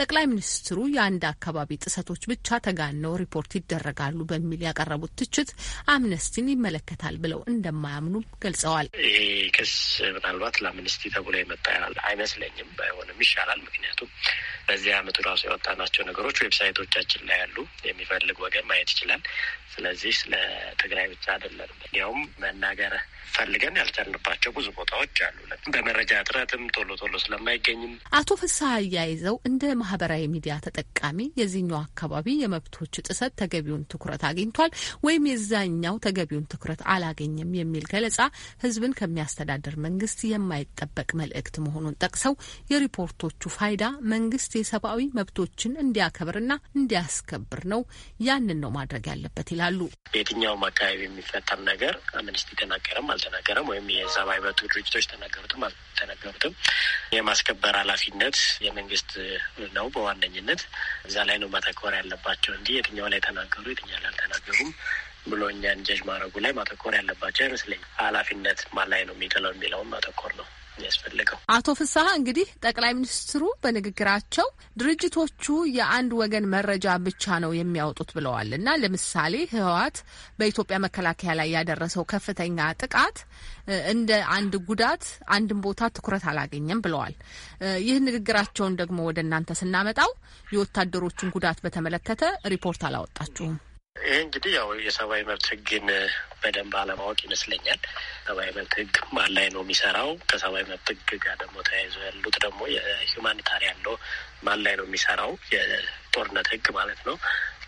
ጠቅላይ ሚኒስትሩ የአንድ አካባቢ ጥሰቶች ብቻ ተጋነው ሪፖርት ይደረጋሉ በሚል ያቀረቡት ትችት አምነስቲን ይመለከታል ብለው እንደማያምኑም ገልጸዋል። ይህ ክስ ምናልባት ለአምነስቲ ተብሎ የመጣ አይመስለኝም። ባይሆንም ይሻላል። ምክንያቱም በዚህ አመቱ ራሱ ያወጣናቸው ነገሮች ዌብሳይቶቻችን ላይ ያሉ የሚፈልግ ወገን ማየት ይችላል። ስለዚህ ስለ ትግራይ ብቻ አይደለም። እንዲያውም መናገር ፈልገን ያልቻልንባቸው ብዙ ቦታዎች አሉ። በመረጃ እጥረትም ቶሎ ቶሎ ስለማይገኝም አቶ ፍስሀ አያይዘው እንደ ማህበራዊ ሚዲያ ተጠቃሚ የዚህኛው አካባቢ የመብቶች ጥሰት ተገቢውን ትኩረት አግኝቷል ወይም የዛኛው ተገቢውን ትኩረት አላገኘም የሚል ገለጻ ህዝብን ከሚያስተዳድር መንግስት የማይጠበቅ መልእክት መሆኑን ጠቅሰው የሪፖርቶቹ ፋይዳ መንግስት የሰብአዊ መብቶችን እንዲያከብርና እንዲያስከብር ነው። ያንን ነው ማድረግ ያለበት ይላሉ። የትኛውም አካባቢ የሚፈጠር ነገር አምነስቲ ተናገረም አልተነገረም ወይም የዛ ባይመጡ ድርጅቶች ተነገሩትም አልተነገሩትም። የማስከበር ኃላፊነት የመንግስት ነው በዋነኝነት እዛ ላይ ነው ማተኮር ያለባቸው እንጂ የትኛው ላይ ተናገሩ የትኛው ላይ አልተናገሩም ብሎ እኛን ጀጅ ማድረጉ ላይ ማተኮር ያለባቸው አይመስለኝ። ኃላፊነት ማን ላይ ነው የሚጥለው የሚለውን ማተኮር ነው። ያስፈለገው። አቶ ፍስሀ እንግዲህ ጠቅላይ ሚኒስትሩ በንግግራቸው ድርጅቶቹ የአንድ ወገን መረጃ ብቻ ነው የሚያወጡት ብለዋል እና ለምሳሌ ህወሓት በኢትዮጵያ መከላከያ ላይ ያደረሰው ከፍተኛ ጥቃት እንደ አንድ ጉዳት አንድን ቦታ ትኩረት አላገኘም ብለዋል። ይህ ንግግራቸውን ደግሞ ወደ እናንተ ስናመጣው የወታደሮቹን ጉዳት በተመለከተ ሪፖርት አላወጣችሁም። ይህ እንግዲህ ያው የሰብአዊ መብት ህግን በደንብ አለማወቅ ይመስለኛል። ሰብአዊ መብት ህግ ማን ላይ ነው የሚሰራው? ከሰብአዊ መብት ህግ ጋር ደግሞ ተያይዞ ያሉት ደግሞ የሁማኒታሪያን ሎ ማን ላይ ነው የሚሰራው? የጦርነት ህግ ማለት ነው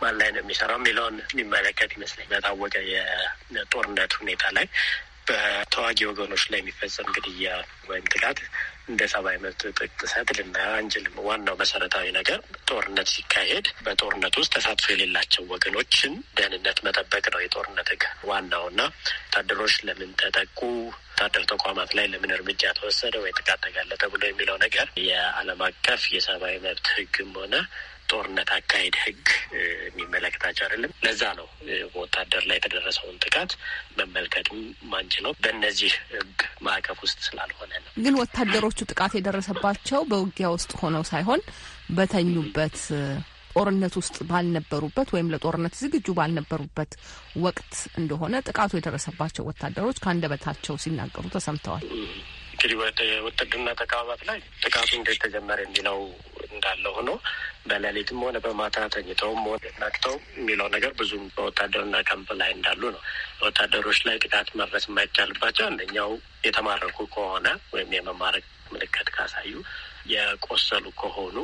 ማን ላይ ነው የሚሰራው የሚለውን የሚመለከት ይመስለኛል። በታወቀ የጦርነት ሁኔታ ላይ በተዋጊ ወገኖች ላይ የሚፈጸም ግድያ ወይም ጥቃት እንደ ሰብአዊ መብት ጥሰት ልናየው አንችልም። ዋናው መሰረታዊ ነገር ጦርነት ሲካሄድ በጦርነት ውስጥ ተሳትፎ የሌላቸው ወገኖችን ደህንነት መጠበቅ ነው የጦርነት ዋናው ዋናውና ወታደሮች ለምን ተጠቁ፣ ወታደር ተቋማት ላይ ለምን እርምጃ ተወሰደ ወይ ጥቃት ተጋለጠ ብሎ የሚለው ነገር የዓለም አቀፍ የሰብአዊ መብት ህግም ሆነ ጦርነት አካሄድ ህግ የሚመለከታቸው አይደለም። ለዛ ነው ወታደር ላይ የተደረሰውን ጥቃት መመልከትም ነው በእነዚህ ህግ ማዕቀፍ ውስጥ ስላልሆነ ነው። ግን ወታደሮቹ ጥቃት የደረሰባቸው በውጊያ ውስጥ ሆነው ሳይሆን በተኙበት ጦርነት ውስጥ ባልነበሩበት ወይም ለጦርነት ዝግጁ ባልነበሩበት ወቅት እንደሆነ ጥቃቱ የደረሰባቸው ወታደሮች ከአንደበታቸው ሲናገሩ ተሰምተዋል። እንግዲህ ወታደርና ተቋማት ላይ ጥቃቱ እንዴት ተጀመረ የሚለው እንዳለ ሆኖ በሌሊትም ሆነ በማታ ተኝተውም ሆነ ነቅተው የሚለው ነገር ብዙም በወታደርና ከምፕ ላይ እንዳሉ ነው። በወታደሮች ላይ ጥቃት መድረስ የማይቻልባቸው አንደኛው የተማረኩ ከሆነ ወይም የመማረክ ምልክት ካሳዩ፣ የቆሰሉ ከሆኑ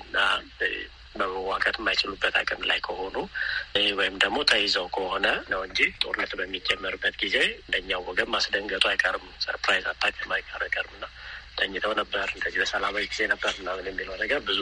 እና በመዋጋት የማይችሉበት አቅም ላይ ከሆኑ ወይም ደግሞ ተይዘው ከሆነ ነው እንጂ ጦርነት በሚጀመርበት ጊዜ እንደኛው ወገን ማስደንገጡ አይቀርም። ሰርፕራይዝ አታቅም አይቀር ና ተኝተው ነበር እንደዚህ በሰላማዊ ጊዜ ነበር ምናምን የሚለው ነገር ብዙ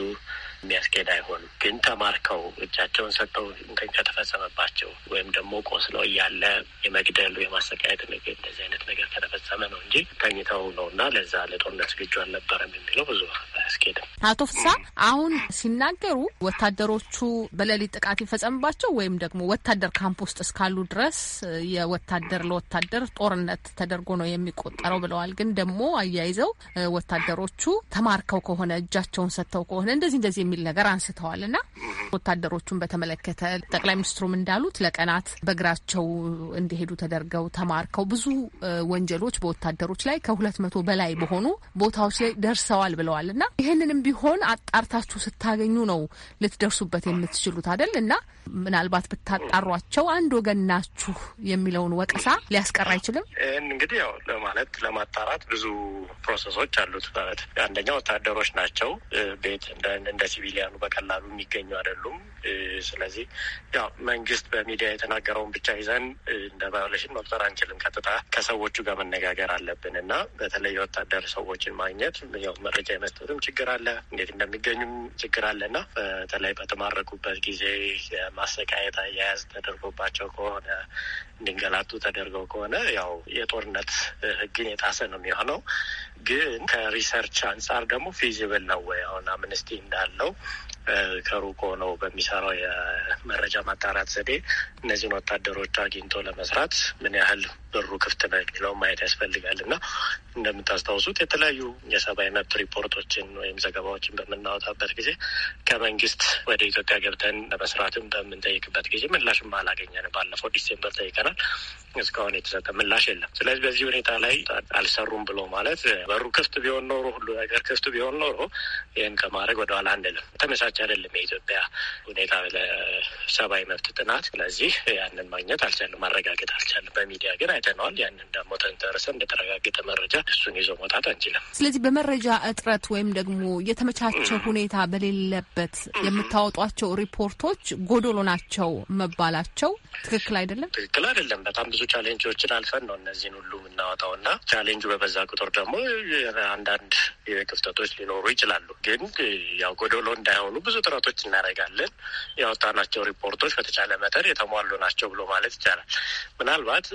የሚያስኬድ አይሆንም። ግን ተማርከው እጃቸውን ሰጥተው እንትን ከተፈጸመባቸው ወይም ደግሞ ቆስለው እያለ የመግደሉ የማሰቃየት ነገር እንደዚህ አይነት ነገር ከተፈጸመ ነው እንጂ ተኝተው ነው እና ለዛ ለጦርነት ዝግጁ አልነበረም የሚለው ብዙ አያስኬድም። አቶ ፍሳ አሁን ሲናገሩ ወታደሮቹ በሌሊት ጥቃት ይፈጸምባቸው ወይም ደግሞ ወታደር ካምፕ ውስጥ እስካሉ ድረስ የወታደር ለወታደር ጦርነት ተደርጎ ነው የሚቆጠረው ብለዋል። ግን ደግሞ አያይዘው ወታደሮቹ ተማርከው ከሆነ እጃቸውን ሰጥተው ከሆነ እንደዚህ እንደዚህ የሚል ነገር አንስተዋል እና ወታደሮቹን በተመለከተ ጠቅላይ ሚኒስትሩም እንዳሉት ለቀናት በእግራቸው እንዲሄዱ ተደርገው ተማርከው ብዙ ወንጀሎች በወታደሮች ላይ ከሁለት መቶ በላይ በሆኑ ቦታዎች ላይ ደርሰዋል ብለዋል እና ይህንንም ቢሆን አጣርታችሁ ስታገኙ ነው ልትደርሱበት የምትችሉት አይደል እና ምናልባት ብታጣሯቸው አንድ ወገን ናችሁ የሚለውን ወቀሳ ሊያስቀር አይችልም። ይህን እንግዲህ ያው ለማለት ለማጣራት ብዙ ፕሮሰሶች አሉት። ማለት አንደኛ ወታደሮች ናቸው። ቤት እንደ ሲቪሊያኑ በቀላሉ የሚገኙ አይደሉም። ስለዚህ ያው መንግስት በሚዲያ የተናገረውን ብቻ ይዘን እንደ ቫዮሌሽን መቁጠር አንችልም። ቀጥታ ከሰዎቹ ጋር መነጋገር አለብን እና በተለይ የወታደር ሰዎችን ማግኘት ያው መረጃ የመስጠትም ችግር አለ፣ እንዴት እንደሚገኙም ችግር አለ እና በተለይ በተማረኩበት ጊዜ ማሰቃየት አያያዝ ተደርጎባቸው ከሆነ እንዲንገላቱ ተደርገው ከሆነ ያው የጦርነት ህግን የጣሰ ነው የሚሆነው። ግን ከሪሰርች አንጻር ደግሞ ፊዚብል ነው ወይ አሁን አምነስቲ እንዳለው ከሩቅ ሆነው በሚሰራው የመረጃ ማጣራት ዘዴ እነዚህን ወታደሮች አግኝቶ ለመስራት ምን ያህል በሩ ክፍት ነው የሚለው ማየት ያስፈልጋል እና እንደምታስታውሱት የተለያዩ የሰብአዊ መብት ሪፖርቶችን ወይም ዘገባዎችን በምናወጣበት ጊዜ ከመንግስት ወደ ኢትዮጵያ ገብተን ለመስራትም በምንጠይቅበት ጊዜ ምላሽም አላገኘን ባለፈው ዲሴምበር ጠይቀናል፣ እስካሁን የተሰጠ ምላሽ የለም። ስለዚህ በዚህ ሁኔታ ላይ አልሰሩም ብሎ ማለት በሩ ክፍት ቢሆን ኖሮ ሁሉ ነገር ክፍት ቢሆን ኖሮ ይህን ከማድረግ ወደኋላ አንልም። ተመሳች አይደለም የኢትዮጵያ ሁኔታ ለሰብአዊ መብት ጥናት። ስለዚህ ያንን ማግኘት አልቻለም፣ ማረጋገጥ አልቻለም። በሚዲያ ግን አይተነዋል። ያንን ደግሞ ተንተረሰን እንደተረጋገጠ መረጃ እሱን ይዞ መውጣት አንችልም። ስለዚህ በመረጃ እጥረት ወይም ደግሞ የተመቻቸ ሁኔታ በሌለበት የምታወጧቸው ሪፖርቶች ጎዶሎ ናቸው መባላቸው ትክክል አይደለም። ትክክል አይደለም። በጣም ብዙ ቻሌንጆችን አልፈን ነው እነዚህን ሁሉ የምናወጣው እና ቻሌንጁ በበዛ ቁጥር ደግሞ አንዳንድ ክፍተቶች ሊኖሩ ይችላሉ። ግን ያው ጎዶሎ እንዳይሆኑ ብዙ ጥረቶች እናደርጋለን። ያወጣናቸው ሪፖርቶች በተቻለ መጠን የተሟሉ ናቸው ብሎ ማለት ይቻላል። ምናልባት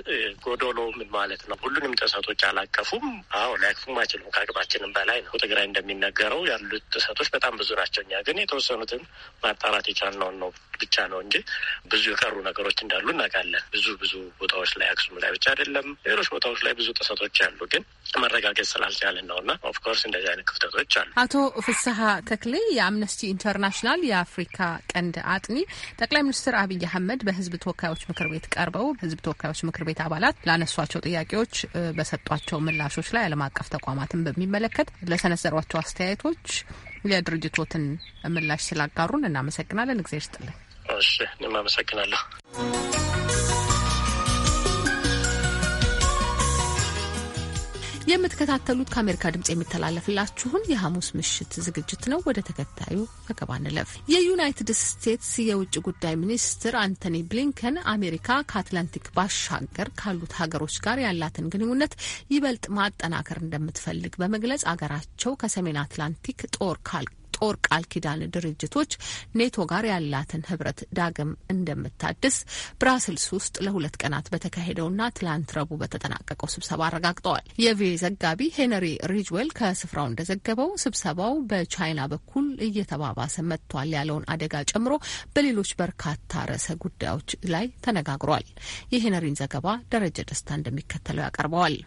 ጎዶሎ ምን ማለት ነው? ሁሉንም ጥሰቶች አላቀፉም። አዎ ላያቅፉም አይችሉም። ከአቅማችንም በላይ ነው። ትግራይ እንደሚነገረው ያሉት ጥሰቶች በጣም ብዙ ናቸው። እኛ ግን የተወሰኑትን ማጣራት የቻልነውን ነው ብቻ ነው እንጂ ብዙ የቀሩ ነገሮች እንዳሉ እናውቃለን። ብዙ ብዙ ቦታዎች ላይ አክሱም ላይ ብቻ አይደለም፣ ሌሎች ቦታዎች ላይ ብዙ ጥሰቶች አሉ፣ ግን መረጋገጥ ስላልቻለን ነው እና ኦፍኮርስ እንደዚህ አይነት ክፍተቶች አሉ። አቶ ፍስሀ ተክሌ የአምነስቲ ኢንተርናሽናል የአፍሪካ ቀንድ አጥኒ ጠቅላይ ሚኒስትር አብይ አህመድ በህዝብ ተወካዮች ምክር ቤት ቀርበው ህዝብ ተወካዮች ምክር ቤት አባላት ላነሷቸው ጥያቄዎች በሰጧቸው ምላሾች ላይ ዓለም አቀፍ ተቋማትን በሚመለከት ለሰነዘሯቸው አስተያየቶች የድርጅቶትን ምላሽ ስላጋሩን እናመሰግናለን። እግዚአብሔር ይስጥልን። እሺ እኔም አመሰግናለሁ። የምትከታተሉት ከአሜሪካ ድምጽ የሚተላለፍላችሁን የሐሙስ ምሽት ዝግጅት ነው። ወደ ተከታዩ ዘገባ እንለፍ። የዩናይትድ ስቴትስ የውጭ ጉዳይ ሚኒስትር አንቶኒ ብሊንከን አሜሪካ ከአትላንቲክ ባሻገር ካሉት ሀገሮች ጋር ያላትን ግንኙነት ይበልጥ ማጠናከር እንደምትፈልግ በመግለጽ አገራቸው ከሰሜን አትላንቲክ ጦር ካል ጦር ቃል ኪዳን ድርጅቶች ኔቶ ጋር ያላትን ህብረት ዳግም እንደምታድስ ብራስልስ ውስጥ ለሁለት ቀናት በተካሄደውና ትላንት ረቡዕ በተጠናቀቀው ስብሰባ አረጋግጠዋል። የቪኦኤ ዘጋቢ ሄነሪ ሪጅዌል ከስፍራው እንደዘገበው ስብሰባው በቻይና በኩል እየተባባሰ መጥቷል ያለውን አደጋ ጨምሮ በሌሎች በርካታ ርዕሰ ጉዳዮች ላይ ተነጋግሯል። የሄነሪን ዘገባ ደረጀ ደስታ እንደሚከተለው ያቀርበዋል።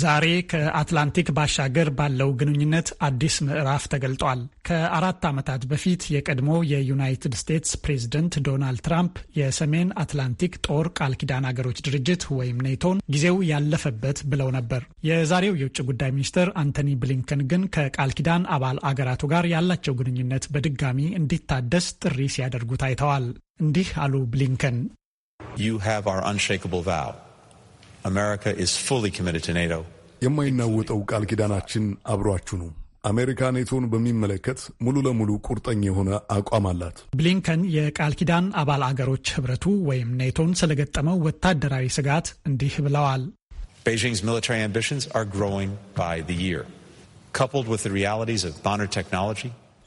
ዛሬ ከአትላንቲክ ባሻገር ባለው ግንኙነት አዲስ ምዕራፍ ተገልጧል። ከአራት ዓመታት በፊት የቀድሞ የዩናይትድ ስቴትስ ፕሬዝደንት ዶናልድ ትራምፕ የሰሜን አትላንቲክ ጦር ቃል ኪዳን አገሮች ድርጅት ወይም ኔቶን ጊዜው ያለፈበት ብለው ነበር። የዛሬው የውጭ ጉዳይ ሚኒስትር አንቶኒ ብሊንከን ግን ከቃል ኪዳን አባል አገራቱ ጋር ያላቸው ግንኙነት በድጋሚ እንዲታደስ ጥሪ ሲያደርጉ ታይተዋል። እንዲህ አሉ ብሊንከን አሜሪካ ኢዝ ፉሊ ኮሚትድ ቱ ኔቶ። የማይናወጠው ቃል ኪዳናችን አብሯችሁ ነው። አሜሪካ ኔቶን በሚመለከት ሙሉ ለሙሉ ቁርጠኝ የሆነ አቋም አላት። ብሊንከን የቃል ኪዳን አባል አገሮች ህብረቱ ወይም ኔቶን ስለገጠመው ወታደራዊ ስጋት እንዲህ ብለዋል። Beijing's military ambitions are growing by the year. Coupled with the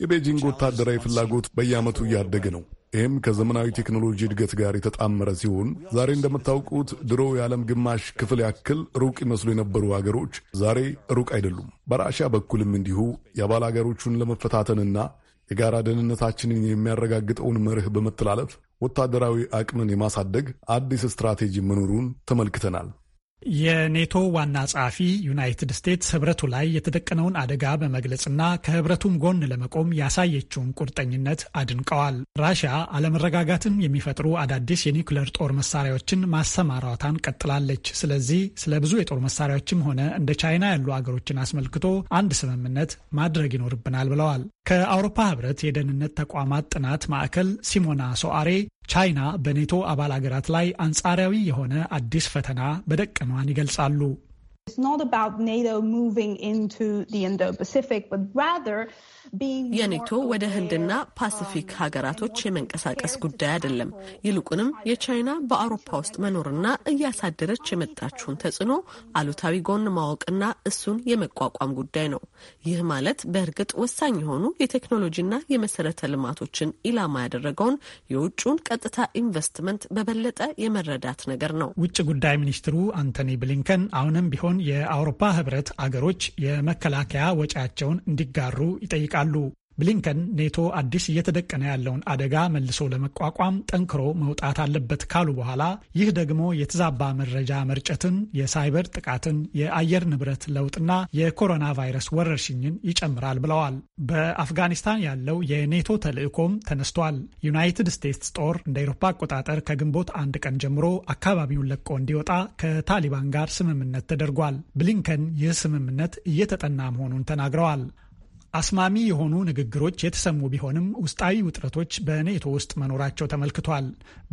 የቤጂንግ ወታደራዊ ፍላጎት በየዓመቱ እያደገ ነው። ይህም ከዘመናዊ ቴክኖሎጂ እድገት ጋር የተጣመረ ሲሆን ዛሬ እንደምታውቁት ድሮ የዓለም ግማሽ ክፍል ያክል ሩቅ ይመስሉ የነበሩ አገሮች ዛሬ ሩቅ አይደሉም። በራሽያ በኩልም እንዲሁ የአባል አገሮቹን ለመፈታተንና የጋራ ደህንነታችንን የሚያረጋግጠውን መርህ በመተላለፍ ወታደራዊ አቅምን የማሳደግ አዲስ ስትራቴጂ መኖሩን ተመልክተናል። የኔቶ ዋና ጸሐፊ ዩናይትድ ስቴትስ ህብረቱ ላይ የተደቀነውን አደጋ በመግለጽና ከህብረቱም ጎን ለመቆም ያሳየችውን ቁርጠኝነት አድንቀዋል። ራሽያ አለመረጋጋትን የሚፈጥሩ አዳዲስ የኒውክለር ጦር መሳሪያዎችን ማሰማራቷን ቀጥላለች። ስለዚህ ስለ ብዙ የጦር መሳሪያዎችም ሆነ እንደ ቻይና ያሉ አገሮችን አስመልክቶ አንድ ስምምነት ማድረግ ይኖርብናል ብለዋል። ከአውሮፓ ህብረት የደህንነት ተቋማት ጥናት ማዕከል ሲሞና ሶአሬ ቻይና በኔቶ አባል አገራት ላይ አንጻራዊ የሆነ አዲስ ፈተና በደቀኗን ይገልጻሉ። የኔቶ ወደ ህንድና ፓሲፊክ ሀገራቶች የመንቀሳቀስ ጉዳይ አይደለም። ይልቁንም የቻይና በአውሮፓ ውስጥ መኖርና እያሳደረች የመጣችውን ተጽዕኖ አሉታዊ ጎን ማወቅና እሱን የመቋቋም ጉዳይ ነው። ይህ ማለት በእርግጥ ወሳኝ የሆኑ የቴክኖሎጂና የመሰረተ ልማቶችን ኢላማ ያደረገውን የውጭውን ቀጥታ ኢንቨስትመንት በበለጠ የመረዳት ነገር ነው። ውጭ ጉዳይ ሚኒስትሩ አንቶኒ ብሊንከን አሁንም ቢሆን የአውሮፓ ህብረት አገሮች የመከላከያ ወጪያቸውን እንዲጋሩ ይጠይቃሉ። ብሊንከን ኔቶ አዲስ እየተደቀነ ያለውን አደጋ መልሶ ለመቋቋም ጠንክሮ መውጣት አለበት ካሉ በኋላ ይህ ደግሞ የተዛባ መረጃ መርጨትን፣ የሳይበር ጥቃትን፣ የአየር ንብረት ለውጥና የኮሮና ቫይረስ ወረርሽኝን ይጨምራል ብለዋል። በአፍጋኒስታን ያለው የኔቶ ተልዕኮም ተነስቷል። ዩናይትድ ስቴትስ ጦር እንደ ኤሮፓ አቆጣጠር ከግንቦት አንድ ቀን ጀምሮ አካባቢውን ለቆ እንዲወጣ ከታሊባን ጋር ስምምነት ተደርጓል። ብሊንከን ይህ ስምምነት እየተጠና መሆኑን ተናግረዋል። አስማሚ የሆኑ ንግግሮች የተሰሙ ቢሆንም ውስጣዊ ውጥረቶች በኔቶ ውስጥ መኖራቸው ተመልክቷል።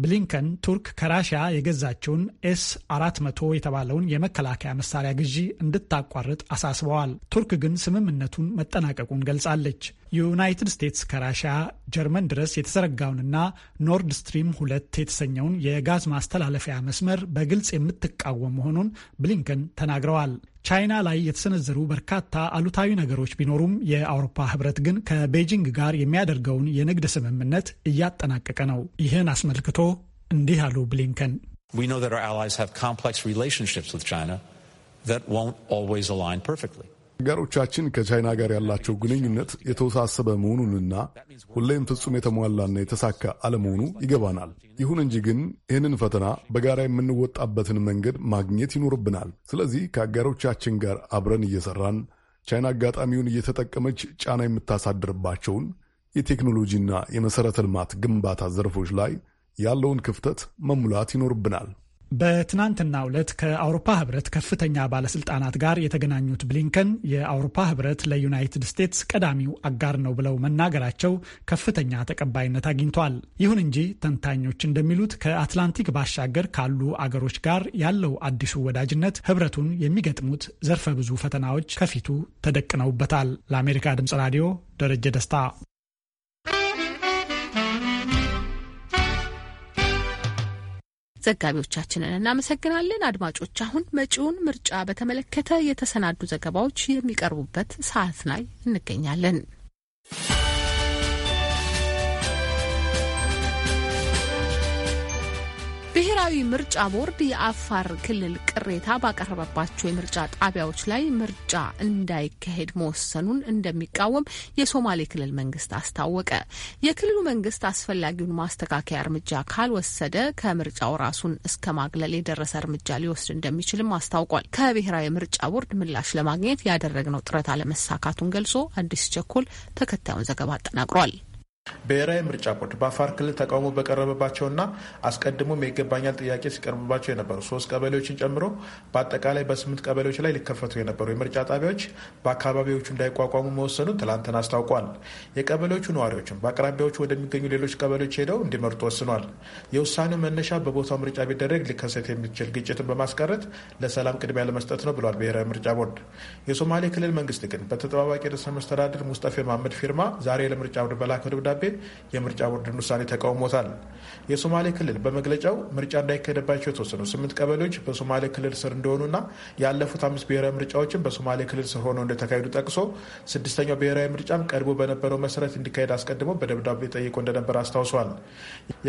ብሊንከን ቱርክ ከራሽያ የገዛችውን ኤስ 400 የተባለውን የመከላከያ መሳሪያ ግዢ እንድታቋርጥ አሳስበዋል። ቱርክ ግን ስምምነቱን መጠናቀቁን ገልጻለች። ዩናይትድ ስቴትስ ከራሽያ ጀርመን ድረስ የተዘረጋውንና ኖርድ ስትሪም ሁለት የተሰኘውን የጋዝ ማስተላለፊያ መስመር በግልጽ የምትቃወም መሆኑን ብሊንከን ተናግረዋል። ቻይና ላይ የተሰነዘሩ በርካታ አሉታዊ ነገሮች ቢኖሩም የአውሮፓ ህብረት ግን ከቤጂንግ ጋር የሚያደርገውን የንግድ ስምምነት እያጠናቀቀ ነው። ይህን አስመልክቶ እንዲህ አሉ ብሊንከን። We know that our allies have complex relationships with China that won't always align perfectly. አጋሮቻችን ከቻይና ጋር ያላቸው ግንኙነት የተወሳሰበ መሆኑንና ሁሌም ፍጹም የተሟላና የተሳካ አለመሆኑ ይገባናል። ይሁን እንጂ ግን ይህንን ፈተና በጋራ የምንወጣበትን መንገድ ማግኘት ይኖርብናል። ስለዚህ ከአጋሮቻችን ጋር አብረን እየሰራን ቻይና አጋጣሚውን እየተጠቀመች ጫና የምታሳድርባቸውን የቴክኖሎጂና የመሠረተ ልማት ግንባታ ዘርፎች ላይ ያለውን ክፍተት መሙላት ይኖርብናል። በትናንትና ዕለት ከአውሮፓ ህብረት ከፍተኛ ባለስልጣናት ጋር የተገናኙት ብሊንከን የአውሮፓ ህብረት ለዩናይትድ ስቴትስ ቀዳሚው አጋር ነው ብለው መናገራቸው ከፍተኛ ተቀባይነት አግኝቷል። ይሁን እንጂ ተንታኞች እንደሚሉት ከአትላንቲክ ባሻገር ካሉ አገሮች ጋር ያለው አዲሱ ወዳጅነት ህብረቱን የሚገጥሙት ዘርፈ ብዙ ፈተናዎች ከፊቱ ተደቅነውበታል። ለአሜሪካ ድምጽ ራዲዮ ደረጀ ደስታ ዘጋቢዎቻችንን እናመሰግናለን። አድማጮች፣ አሁን መጪውን ምርጫ በተመለከተ የተሰናዱ ዘገባዎች የሚቀርቡበት ሰዓት ላይ እንገኛለን። ብሔራዊ ምርጫ ቦርድ የአፋር ክልል ቅሬታ ባቀረበባቸው የምርጫ ጣቢያዎች ላይ ምርጫ እንዳይካሄድ መወሰኑን እንደሚቃወም የሶማሌ ክልል መንግስት አስታወቀ። የክልሉ መንግስት አስፈላጊውን ማስተካከያ እርምጃ ካልወሰደ ከምርጫው ራሱን እስከ ማግለል የደረሰ እርምጃ ሊወስድ እንደሚችልም አስታውቋል። ከብሔራዊ ምርጫ ቦርድ ምላሽ ለማግኘት ያደረግነው ጥረት አለመሳካቱን ገልጾ አዲስ ቸኮል ተከታዩን ዘገባ አጠናቅሯል። ብሔራዊ ምርጫ ቦርድ በአፋር ክልል ተቃውሞ በቀረበባቸውና አስቀድሞም የይገባኛል ጥያቄ ሲቀርብባቸው የነበሩ ሶስት ቀበሌዎችን ጨምሮ በአጠቃላይ በስምንት ቀበሌዎች ላይ ሊከፈቱ የነበሩ የምርጫ ጣቢያዎች በአካባቢዎቹ እንዳይቋቋሙ መወሰኑ ትላንትን አስታውቋል። የቀበሌዎቹ ነዋሪዎችም በአቅራቢያዎቹ ወደሚገኙ ሌሎች ቀበሌዎች ሄደው እንዲመርጡ ወስኗል። የውሳኔው መነሻ በቦታው ምርጫ ቢደረግ ሊከሰት የሚችል ግጭትን በማስቀረት ለሰላም ቅድሚያ ለመስጠት ነው ብሏል ብሔራዊ ምርጫ ቦርድ። የሶማሌ ክልል መንግስት ግን በተጠባባቂ ርዕሰ መስተዳድር ሙስጠፌ ማመድ ፊርማ ዛሬ ለምርጫ ቦርድ በላከው ደብዳቤ ደብዳቤ የምርጫ ቦርድን ውሳኔ ተቃውሞታል። የሶማሌ ክልል በመግለጫው ምርጫ እንዳይካሄድባቸው የተወሰኑ ስምንት ቀበሌዎች በሶማሌ ክልል ስር እንደሆኑና ያለፉት አምስት ብሔራዊ ምርጫዎችን በሶማሌ ክልል ስር ሆነው እንደተካሄዱ ጠቅሶ ስድስተኛው ብሔራዊ ምርጫም ቀድሞ በነበረው መሰረት እንዲካሄድ አስቀድሞ በደብዳቤ ጠይቆ እንደነበር አስታውሷል።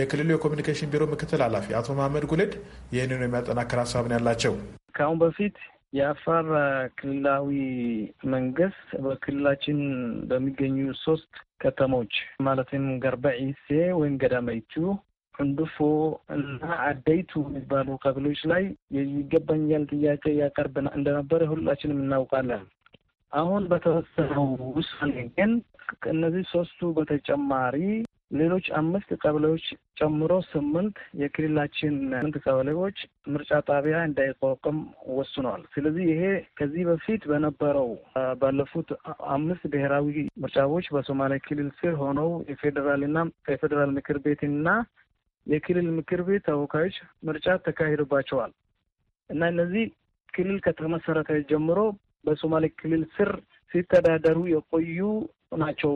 የክልሉ የኮሚኒኬሽን ቢሮ ምክትል ኃላፊ አቶ መሀመድ ጉሌድ ይህንኑ የሚያጠናክር ሀሳብ ነው ያላቸው። ከአሁን በፊት የአፋር ክልላዊ መንግስት በክልላችን በሚገኙ ሶስት ከተሞች ማለትም ገርበዒሴ ወይም ገዳመይቱ፣ እንዱፎ እና አደይቱ የሚባሉ ቀበሌዎች ላይ ይገባኛል ጥያቄ ያቀርብ እንደነበረ ሁላችንም እናውቃለን። አሁን በተወሰነው ውሳኔ ግን ከእነዚህ ሶስቱ በተጨማሪ ሌሎች አምስት ቀበሌዎች ጨምሮ ስምንት የክልላችን ስምንት ቀበሌዎች ምርጫ ጣቢያ እንዳይቋቋም ወስኗል። ስለዚህ ይሄ ከዚህ በፊት በነበረው ባለፉት አምስት ብሔራዊ ምርጫዎች በሶማሌ ክልል ስር ሆነው የፌዴራልና የፌዴራል ምክር ቤትና የክልል ምክር ቤት ተወካዮች ምርጫ ተካሂዶባቸዋል እና እነዚህ ክልል ከተመሰረተ ጀምሮ በሶማሌ ክልል ስር ሲተዳደሩ የቆዩ ናቸው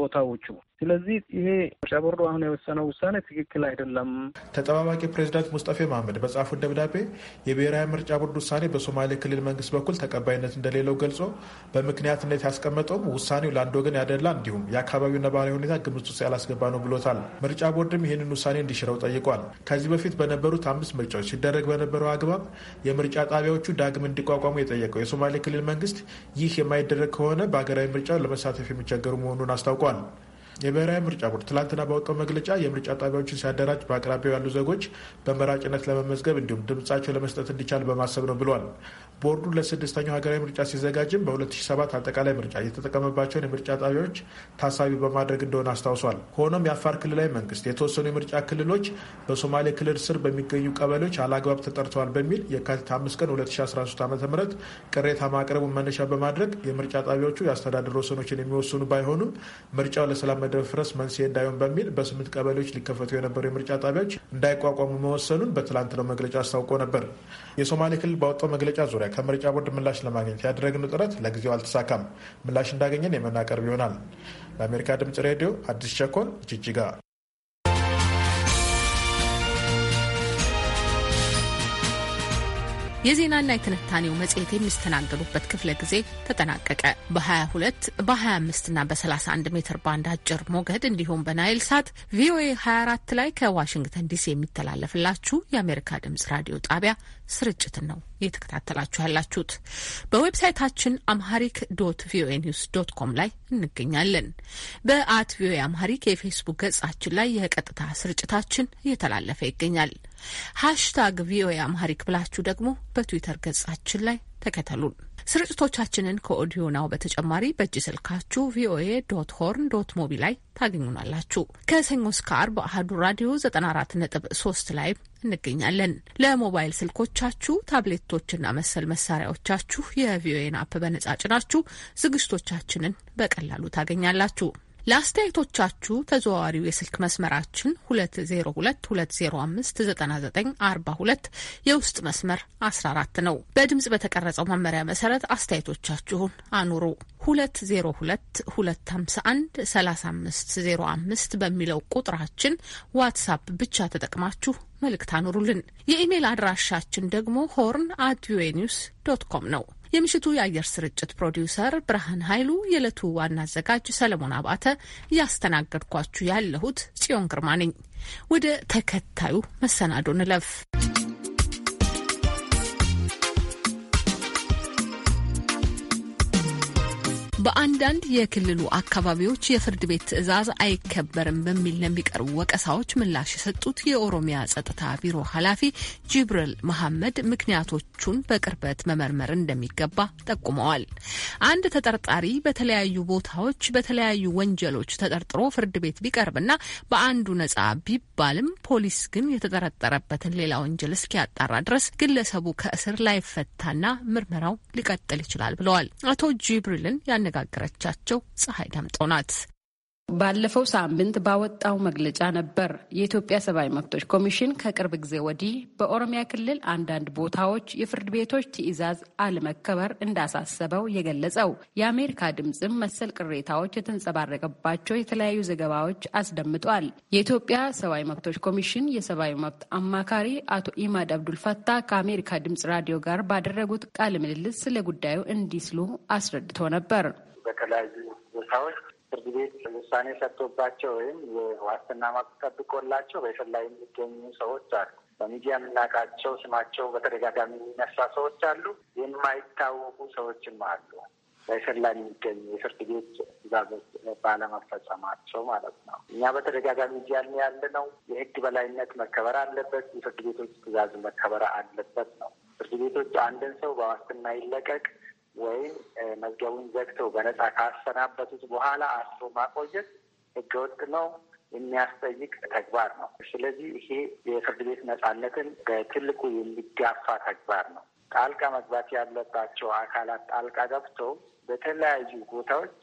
ቦታዎቹ። ስለዚህ ይሄ ምርጫ አሁን የወሰነው ውሳኔ ትክክል አይደለም። ተጠባባቂ ፕሬዚዳንት ሙስጠፌ መሀመድ በጻፉት ደብዳቤ የብሔራዊ ምርጫ ቦርድ ውሳኔ በሶማሌ ክልል መንግስት በኩል ተቀባይነት እንደሌለው ገልጾ በምክንያትነት ያስቀመጠውም ውሳኔው ለአንድ ወገን ያደላ እንዲሁም የአካባቢው ነባራዊ ሁኔታ ግምት ውስጥ ያላስገባ ነው ብሎታል። ምርጫ ቦርድም ይህንን ውሳኔ እንዲሽረው ጠይቋል። ከዚህ በፊት በነበሩት አምስት ምርጫዎች ሲደረግ በነበረው አግባብ የምርጫ ጣቢያዎቹ ዳግም እንዲቋቋሙ የጠየቀው የሶማሌ ክልል መንግስት ይህ የማይደረግ ከሆነ በሀገራዊ ምርጫ ለመሳተፍ የሚቸገሩ መሆኑን አስታውቋል። የብሔራዊ ምርጫ ቦርድ ትላንትና ባወጣው መግለጫ የምርጫ ጣቢያዎችን ሲያደራጅ በአቅራቢያው ያሉ ዜጎች በመራጭነት ለመመዝገብ እንዲሁም ድምጻቸው ለመስጠት እንዲቻል በማሰብ ነው ብሏል። ቦርዱ ለስድስተኛው ሀገራዊ ምርጫ ሲዘጋጅም በ2007 አጠቃላይ ምርጫ የተጠቀመባቸውን የምርጫ ጣቢያዎች ታሳቢ በማድረግ እንደሆነ አስታውሷል። ሆኖም የአፋር ክልላዊ መንግስት የተወሰኑ የምርጫ ክልሎች በሶማሌ ክልል ስር በሚገኙ ቀበሌዎች አላግባብ ተጠርተዋል በሚል የካቲት 5 ቀን 2013 ዓ ም ቅሬታ ማቅረቡን መነሻ በማድረግ የምርጫ ጣቢያዎቹ የአስተዳደር ወሰኖችን የሚወስኑ ባይሆኑም ምርጫው ለሰላም መደፍረስ መንስኤ እንዳይሆን በሚል በስምንት ቀበሌዎች ሊከፈቱ የነበሩ የምርጫ ጣቢያዎች እንዳይቋቋሙ መወሰኑን በትላንትናው መግለጫ አስታውቆ ነበር። የሶማሌ ክልል ባወጣው መግለጫ ዙሪያ ከምርጫ ቦርድ ምላሽ ለማግኘት ያደረግነው ጥረት ለጊዜው አልተሳካም። ምላሽ እንዳገኘን የምናቀርብ ይሆናል። ለአሜሪካ ድምጽ ሬዲዮ አዲስ ቸኮል ጅጅጋ የዜናና የትንታኔው መጽሔት የሚስተናገዱበት ክፍለ ጊዜ ተጠናቀቀ። በ22 በ25ና በ31 ሜትር ባንድ አጭር ሞገድ እንዲሁም በናይል ሳት ቪኦኤ 24 ላይ ከዋሽንግተን ዲሲ የሚተላለፍላችሁ የአሜሪካ ድምጽ ራዲዮ ጣቢያ ስርጭትን ነው እየተከታተላችሁ ያላችሁት። በዌብሳይታችን አምሃሪክ ዶት ቪኦኤ ኒውስ ዶት ኮም ላይ እንገኛለን። በአት ቪኦኤ አምሃሪክ የፌስቡክ ገጻችን ላይ የቀጥታ ስርጭታችን እየተላለፈ ይገኛል። ሃሽታግ ቪኦኤ አምሃሪክ ብላችሁ ደግሞ በትዊተር ገጻችን ላይ ተከተሉን። ስርጭቶቻችንን ከኦዲዮ ናው በተጨማሪ በእጅ ስልካችሁ ቪኦኤ ዶት ሆርን ዶት ሞቢ ላይ ታገኙናላችሁ። ከሰኞ እስከ አርብ አህዱ ራዲዮ 94.3 ላይ እንገኛለን። ለሞባይል ስልኮቻችሁ ታብሌቶችና መሰል መሳሪያዎቻችሁ የቪኦኤን አፕ በነጻ ጭናችሁ ዝግጅቶቻችንን በቀላሉ ታገኛላችሁ። ለአስተያየቶቻችሁ ተዘዋዋሪው የስልክ መስመራችን 2022059942 የውስጥ መስመር 14 ነው። በድምጽ በተቀረጸው መመሪያ መሰረት አስተያየቶቻችሁን አኑሩ። 2022513505 በሚለው ቁጥራችን ዋትሳፕ ብቻ ተጠቅማችሁ መልእክት አኑሩልን። የኢሜል አድራሻችን ደግሞ ሆርን አት ቪኦኤ ኒውስ ዶት ኮም ነው። የምሽቱ የአየር ስርጭት ፕሮዲውሰር ብርሃን ኃይሉ፣ የዕለቱ ዋና አዘጋጅ ሰለሞን አባተ፣ እያስተናገድኳችሁ ያለሁት ጽዮን ግርማ ነኝ። ወደ ተከታዩ መሰናዶ ንለፍ። በአንዳንድ የክልሉ አካባቢዎች የፍርድ ቤት ትዕዛዝ አይከበርም በሚል ለሚቀርቡ ወቀሳዎች ምላሽ የሰጡት የኦሮሚያ ጸጥታ ቢሮ ኃላፊ ጅብሪል መሐመድ ምክንያቶቹን በቅርበት መመርመር እንደሚገባ ጠቁመዋል። አንድ ተጠርጣሪ በተለያዩ ቦታዎች በተለያዩ ወንጀሎች ተጠርጥሮ ፍርድ ቤት ቢቀርብና በአንዱ ነጻ ቢባልም ፖሊስ ግን የተጠረጠረበትን ሌላ ወንጀል እስኪያጣራ ድረስ ግለሰቡ ከእስር ላይፈታና ምርመራው ሊቀጥል ይችላል ብለዋል። አቶ ጅብሪልን ያነ ያነጋገረቻቸው ፀሐይ ዳምጠው ናት። ባለፈው ሳምንት ባወጣው መግለጫ ነበር። የኢትዮጵያ ሰብአዊ መብቶች ኮሚሽን ከቅርብ ጊዜ ወዲህ በኦሮሚያ ክልል አንዳንድ ቦታዎች የፍርድ ቤቶች ትዕዛዝ አለመከበር እንዳሳሰበው የገለጸው የአሜሪካ ድምፅም መሰል ቅሬታዎች የተንጸባረቀባቸው የተለያዩ ዘገባዎች አስደምጧል። የኢትዮጵያ ሰብአዊ መብቶች ኮሚሽን የሰብአዊ መብት አማካሪ አቶ ኢማድ አብዱልፈታ ከአሜሪካ ድምፅ ራዲዮ ጋር ባደረጉት ቃለ ምልልስ ስለ ጉዳዩ እንዲህ አስረድቶ ነበር። በተለያዩ ቦታዎች ፍርድ ቤት ውሳኔ ሰጥቶባቸው ወይም የዋስትና መብት ጠብቆላቸው በእስር ላይ የሚገኙ ሰዎች አሉ። በሚዲያ የምናውቃቸው ስማቸው በተደጋጋሚ የሚነሳ ሰዎች አሉ። የማይታወቁ ሰዎችም አሉ። በእስር ላይ የሚገኙ የፍርድ ቤት ትዕዛዞች ባለመፈጸማቸው ማለት ነው። እኛ በተደጋጋሚ እያልን ያለ ነው የህግ በላይነት መከበር አለበት፣ የፍርድ ቤቶች ትዕዛዝ መከበር አለበት ነው። ፍርድ ቤቶች አንድን ሰው በዋስትና ይለቀቅ ወይም መዝገቡን ዘግተው በነጻ ካሰናበቱት በኋላ አስሮ ማቆየት ህገወጥ ነው፣ የሚያስጠይቅ ተግባር ነው። ስለዚህ ይሄ የፍርድ ቤት ነጻነትን በትልቁ የሚጋፋ ተግባር ነው። ጣልቃ መግባት ያለባቸው አካላት ጣልቃ ገብተው በተለያዩ ቦታዎች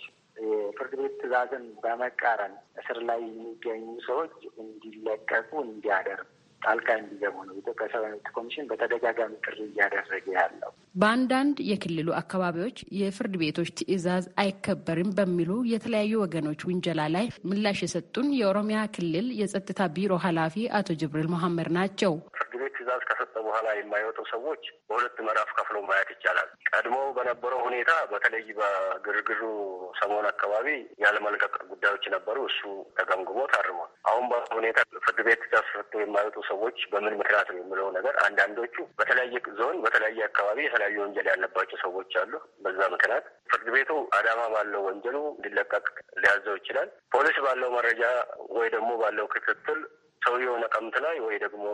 የፍርድ ቤት ትዕዛዝን በመቃረን እስር ላይ የሚገኙ ሰዎች እንዲለቀቁ እንዲያደርግ ጣልቃ እንዲገቡ ነው የኢትዮጵያ ሰብአዊ መብት ኮሚሽን በተደጋጋሚ ጥሪ እያደረገ ያለው። በአንዳንድ የክልሉ አካባቢዎች የፍርድ ቤቶች ትዕዛዝ አይከበርም በሚሉ የተለያዩ ወገኖች ውንጀላ ላይ ምላሽ የሰጡን የኦሮሚያ ክልል የጸጥታ ቢሮ ኃላፊ አቶ ጅብሪል መሐመድ ናቸው። ትዕዛዝ ከሰጠ በኋላ የማይወጡ ሰዎች በሁለት ምዕራፍ ከፍሎ ማየት ይቻላል። ቀድሞ በነበረው ሁኔታ በተለይ በግርግሩ ሰሞን አካባቢ ያለመልቀቅ ጉዳዮች ነበሩ። እሱ ተገምግሞ ታርሟል። አሁን ሁኔታ ፍርድ ቤት ተፈቶ የማይወጡ ሰዎች በምን ምክንያት ነው የሚለው ነገር አንዳንዶቹ በተለያየ ዞን፣ በተለያየ አካባቢ የተለያዩ ወንጀል ያለባቸው ሰዎች አሉ። በዛ ምክንያት ፍርድ ቤቱ አዳማ ባለው ወንጀሉ እንዲለቀቅ ሊያዘው ይችላል። ፖሊስ ባለው መረጃ ወይ ደግሞ ባለው ክትትል ሰውየው ነቀምት ላይ ወይ ደግሞ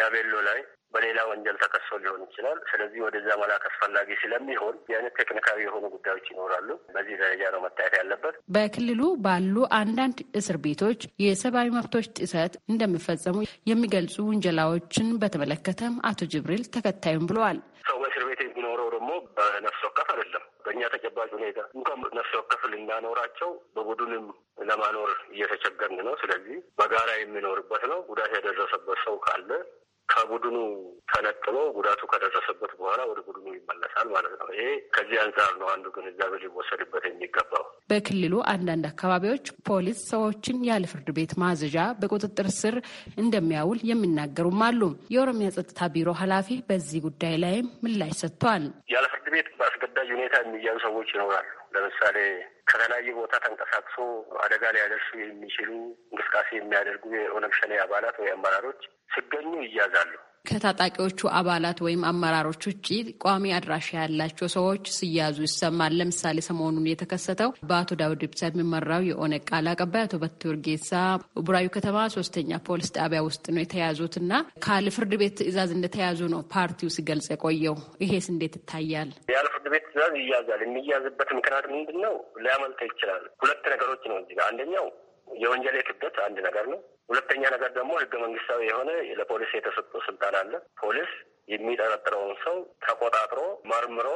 ያቤሎ ላይ በሌላ ወንጀል ተከሶ ሊሆን ይችላል። ስለዚህ ወደዛ መላክ አስፈላጊ ስለሚሆን የአይነት ቴክኒካዊ የሆኑ ጉዳዮች ይኖራሉ። በዚህ ደረጃ ነው መታየት ያለበት። በክልሉ ባሉ አንዳንድ እስር ቤቶች የሰብአዊ መብቶች ጥሰት እንደሚፈጸሙ የሚገልጹ ውንጀላዎችን በተመለከተም አቶ ጅብሪል ተከታዩም ብለዋል። ሰው በእስር ቤት የሚኖረው ደግሞ በእኛ ተጨባጭ ሁኔታ እንኳን ነፍስ ወከፍ ልናኖራቸው በቡድንም ለማኖር እየተቸገርን ነው። ስለዚህ በጋራ የሚኖርበት ነው። ጉዳት የደረሰበት ሰው ካለ ከቡድኑ ተነጥሎ ጉዳቱ ከደረሰበት በኋላ ወደ ቡድኑ ይመለሳል ማለት ነው። ይሄ ከዚህ አንጻር ነው አንዱ ግንዛቤ ሊወሰድበት የሚገባው። በክልሉ አንዳንድ አካባቢዎች ፖሊስ ሰዎችን ያለ ፍርድ ቤት ማዘዣ በቁጥጥር ስር እንደሚያውል የሚናገሩም አሉ። የኦሮሚያ ጸጥታ ቢሮ ኃላፊ በዚህ ጉዳይ ላይም ምላሽ ሰጥቷል። ያለ ፍርድ ቤት በአስገዳጅ ሁኔታ የሚያዙ ሰዎች ይኖራሉ። ለምሳሌ ከተለያዩ ቦታ ተንቀሳቅሶ አደጋ ሊያደርሱ የሚችሉ እንቅስቃሴ የሚያደርጉ የኦነግ ሸኔ አባላት ወይ አመራሮች ሲገኙ ይያዛሉ። ከታጣቂዎቹ አባላት ወይም አመራሮች ውጭ ቋሚ አድራሻ ያላቸው ሰዎች ሲያዙ ይሰማል። ለምሳሌ ሰሞኑን የተከሰተው በአቶ ዳውድ ኢብሳ የሚመራው የኦነግ ቃል አቀባይ አቶ በትር ጌሳ ቡራዩ ከተማ ሶስተኛ ፖሊስ ጣቢያ ውስጥ ነው የተያዙት እና ካለ ፍርድ ቤት ትዕዛዝ እንደተያዙ ነው ፓርቲው ሲገልጽ የቆየው። ይሄስ እንዴት ይታያል? ያለ ፍርድ ቤት ትዕዛዝ ይያዛል። የሚያዝበት ምክንያት ምንድን ነው? ሊያመልጠ ይችላል። ሁለት ነገሮች ነው እዚህ ጋር አንደኛው የወንጀል ክብደት አንድ ነገር ነው። ሁለተኛ ነገር ደግሞ ህገ መንግስታዊ የሆነ ለፖሊስ የተሰጠ ስልጣን አለ። ፖሊስ የሚጠረጥረውን ሰው ተቆጣጥሮ መርምሮ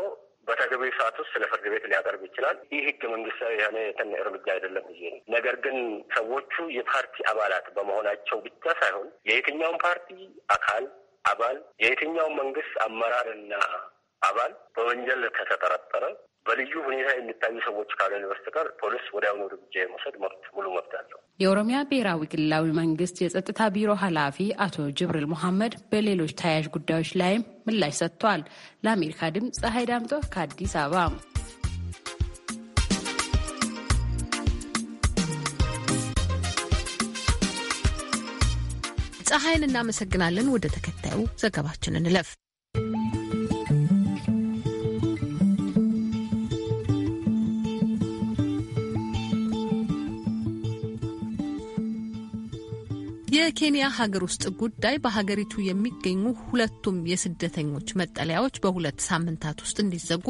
በተገቢ ሰዓት ውስጥ ለፍርድ ቤት ሊያቀርብ ይችላል። ይህ ህገ መንግስታዊ የሆነ የትን እርምጃ አይደለም ብዬ ነው። ነገር ግን ሰዎቹ የፓርቲ አባላት በመሆናቸው ብቻ ሳይሆን የየትኛውን ፓርቲ አካል አባል የየትኛውን መንግስት አመራርና አባል በወንጀል ከተጠረጠረ በልዩ ሁኔታ የሚታዩ ሰዎች ካልሆነ በስተቀር ፖሊስ ወዲያውኑ እርምጃ የመውሰድ መብት ሙሉ መብት አለው። የኦሮሚያ ብሔራዊ ክልላዊ መንግስት የጸጥታ ቢሮ ኃላፊ አቶ ጅብሪል መሐመድ በሌሎች ተያያዥ ጉዳዮች ላይም ምላሽ ሰጥቷል። ለአሜሪካ ድምፅ ፀሐይ ዳምጦ ከአዲስ አበባ። ፀሐይን እናመሰግናለን። ወደ ተከታዩ ዘገባችን እንለፍ። የኬንያ ሀገር ውስጥ ጉዳይ በሀገሪቱ የሚገኙ ሁለቱም የስደተኞች መጠለያዎች በሁለት ሳምንታት ውስጥ እንዲዘጉ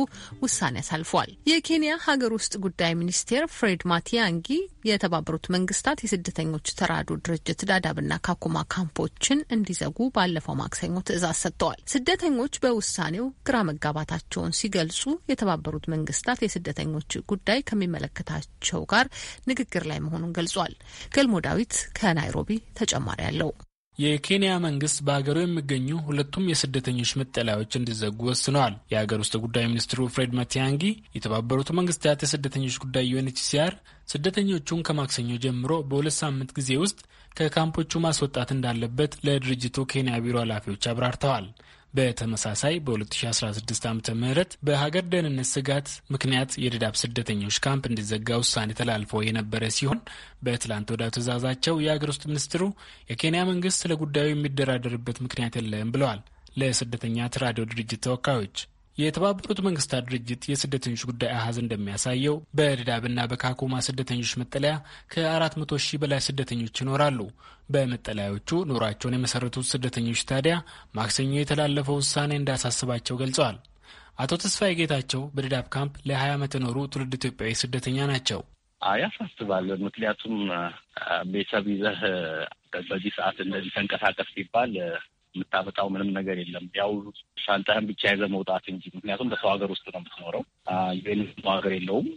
ውሳኔ አሳልፏል። የኬንያ ሀገር ውስጥ ጉዳይ ሚኒስቴር ፍሬድ ማቲያንጊ የተባበሩት መንግስታት የስደተኞች ተራዶ ድርጅት ዳዳብና ካኩማ ካምፖችን እንዲዘጉ ባለፈው ማክሰኞ ትዕዛዝ ሰጥተዋል። ስደተኞች በውሳኔው ግራ መጋባታቸውን ሲገልጹ የተባበሩት መንግስታት የስደተኞች ጉዳይ ከሚመለከታቸው ጋር ንግግር ላይ መሆኑን ገልጿል። ገልሞ ዳዊት ከናይሮቢ ተጨማ ተጨማሪ አለው። የኬንያ መንግስት በሀገሩ የሚገኙ ሁለቱም የስደተኞች መጠለያዎች እንዲዘጉ ወስነዋል። የሀገር ውስጥ ጉዳይ ሚኒስትሩ ፍሬድ ማቲያንጊ የተባበሩት መንግስታት የስደተኞች ጉዳይ ዩኤንኤችሲአር ስደተኞቹን ከማክሰኞ ጀምሮ በሁለት ሳምንት ጊዜ ውስጥ ከካምፖቹ ማስወጣት እንዳለበት ለድርጅቱ ኬንያ ቢሮ ኃላፊዎች አብራርተዋል። በተመሳሳይ በ2016 ዓ ም በሀገር ደህንነት ስጋት ምክንያት የድዳብ ስደተኞች ካምፕ እንዲዘጋ ውሳኔ ተላልፎ የነበረ ሲሆን በትላንት ወዳ ትእዛዛቸው የአገር ውስጥ ሚኒስትሩ የኬንያ መንግስት ስለ ጉዳዩ የሚደራደርበት ምክንያት የለም ብለዋል። ለስደተኛ ራዲዮ ድርጅት ተወካዮች የተባበሩት መንግስታት ድርጅት የስደተኞች ጉዳይ አሃዝ እንደሚያሳየው በድዳብና በካኮማ ስደተኞች መጠለያ ከ400 ሺህ በላይ ስደተኞች ይኖራሉ። በመጠለያዎቹ ኑሯቸውን የመሰረቱት ስደተኞች ታዲያ ማክሰኞ የተላለፈው ውሳኔ እንዳሳስባቸው ገልጸዋል። አቶ ተስፋዬ ጌታቸው በድዳብ ካምፕ ለ20 ዓመት የኖሩ ትውልድ ኢትዮጵያዊ ስደተኛ ናቸው። ያሳስባል። ምክንያቱም ቤተሰብ ይዘህ በዚህ ሰዓት እንደዚህ ተንቀሳቀስ ሲባል የምታመጣው ምንም ነገር የለም። ያው ሻንጣህን ብቻ ይዘህ መውጣት እንጂ ምክንያቱም በሰው ሀገር ውስጥ ነው የምትኖረው። ዩኤን ሀገር የለውም።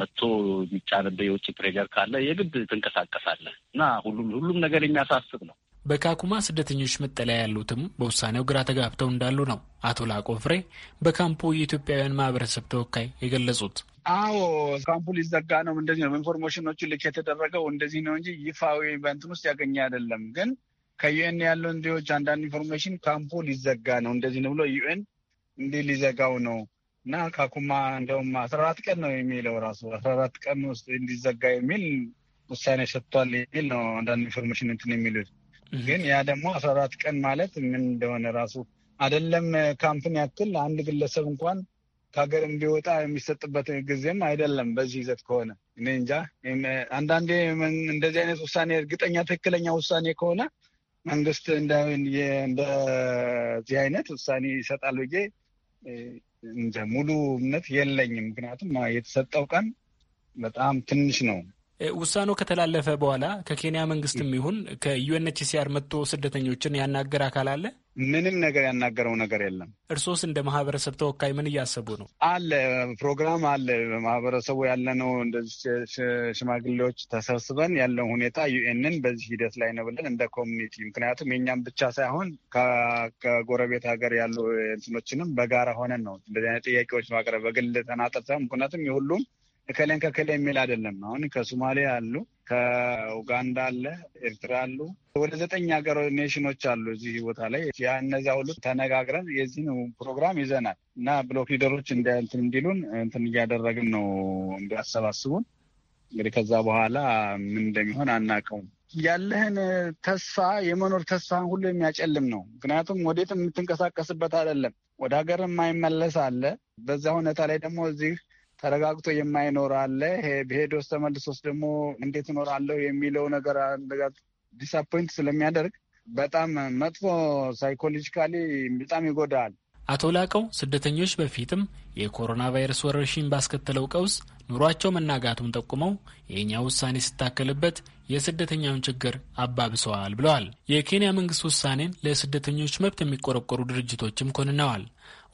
መጥቶ የሚጫንብህ የውጭ ፕሬዠር ካለ የግድ ትንቀሳቀሳለህ እና ሁሉም ሁሉም ነገር የሚያሳስብ ነው። በካኩማ ስደተኞች መጠለያ ያሉትም በውሳኔው ግራ ተጋብተው እንዳሉ ነው አቶ ላቆ ፍሬ በካምፑ የኢትዮጵያውያን ማህበረሰብ ተወካይ የገለጹት። አዎ ካምፑ ሊዘጋ ነው እንደዚህ ነው ኢንፎርሜሽኖቹ ልክ የተደረገው እንደዚህ ነው እንጂ ይፋዊ በንትን ውስጥ ያገኘ አይደለም ግን ከዩኤን ያለው እንዲዎች አንዳንድ ኢንፎርሜሽን ካምፖ ሊዘጋ ነው እንደዚህ ነው ብሎ ዩኤን እንዲ ሊዘጋው ነው እና ካኩማ እንደውም አስራ አራት ቀን ነው የሚለው ራሱ አስራ አራት ቀን ውስጥ እንዲዘጋ የሚል ውሳኔ ሰጥቷል የሚል ነው አንዳንድ ኢንፎርሜሽን እንትን የሚሉት ግን ያ ደግሞ አስራ አራት ቀን ማለት ምን እንደሆነ ራሱ አይደለም ካምፕን ያክል አንድ ግለሰብ እንኳን ከሀገር እንዲወጣ የሚሰጥበት ጊዜም አይደለም። በዚህ ይዘት ከሆነ እኔ እንጃ። አንዳንዴ እንደዚህ አይነት ውሳኔ እርግጠኛ ትክክለኛ ውሳኔ ከሆነ መንግስት እንደዚህ አይነት ውሳኔ ይሰጣል ብዬ እንደ ሙሉ እምነት የለኝም። ምክንያቱም የተሰጠው ቀን በጣም ትንሽ ነው። ውሳኔው ከተላለፈ በኋላ ከኬንያ መንግስትም ይሁን ከዩኤንኤችሲአር መጥቶ ስደተኞችን ያናገር አካል አለ? ምንም ነገር ያናገረው ነገር የለም። እርሶስ እንደ ማህበረሰብ ተወካይ ምን እያሰቡ ነው? አለ ፕሮግራም አለ። ማህበረሰቡ ያለነው እንደዚህ ሽማግሌዎች ተሰብስበን ያለው ሁኔታ ዩኤንን በዚህ ሂደት ላይ ነው ብለን እንደ ኮሚኒቲ፣ ምክንያቱም የኛም ብቻ ሳይሆን ከጎረቤት ሀገር ያሉ እንትኖችንም በጋራ ሆነን ነው እንደዚህ አይነት ጥያቄዎች ማቅረብ በግል ተናጠር ሳይሆን ምክንያቱም የሁሉም እከሌን ከከሌ የሚል አይደለም። አሁን ከሶማሌ አሉ፣ ከኡጋንዳ አለ፣ ኤርትራ አሉ፣ ወደ ዘጠኝ ሀገር ኔሽኖች አሉ እዚህ ቦታ ላይ ያ እነዚያ ሁሉ ተነጋግረን የዚህን ፕሮግራም ይዘናል እና ብሎክ ሊደሮች እንትን እንዲሉን እንትን እያደረግን ነው እንዲያሰባስቡን። እንግዲህ ከዛ በኋላ ምን እንደሚሆን አናውቀውም። ያለህን ተስፋ የመኖር ተስፋን ሁሉ የሚያጨልም ነው። ምክንያቱም ወዴት የምትንቀሳቀስበት አይደለም። ወደ ሀገር የማይመለስ አለ። በዛ ሁኔታ ላይ ደግሞ እዚህ ተረጋግቶ የማይኖር አለ። በሄዶስ ተመልሶስ ደግሞ እንዴት እኖራለሁ የሚለው ነገር ዲስአፖይንት ስለሚያደርግ በጣም መጥፎ ሳይኮሎጂካሊ በጣም ይጎዳል። አቶ ላቀው ስደተኞች በፊትም የኮሮና ቫይረስ ወረርሽኝ ባስከተለው ቀውስ ኑሯቸው መናጋቱን ጠቁመው የእኛ ውሳኔ ስታከልበት የስደተኛውን ችግር አባብሰዋል ብለዋል። የኬንያ መንግስት ውሳኔን ለስደተኞች መብት የሚቆረቆሩ ድርጅቶችም ኮንነዋል።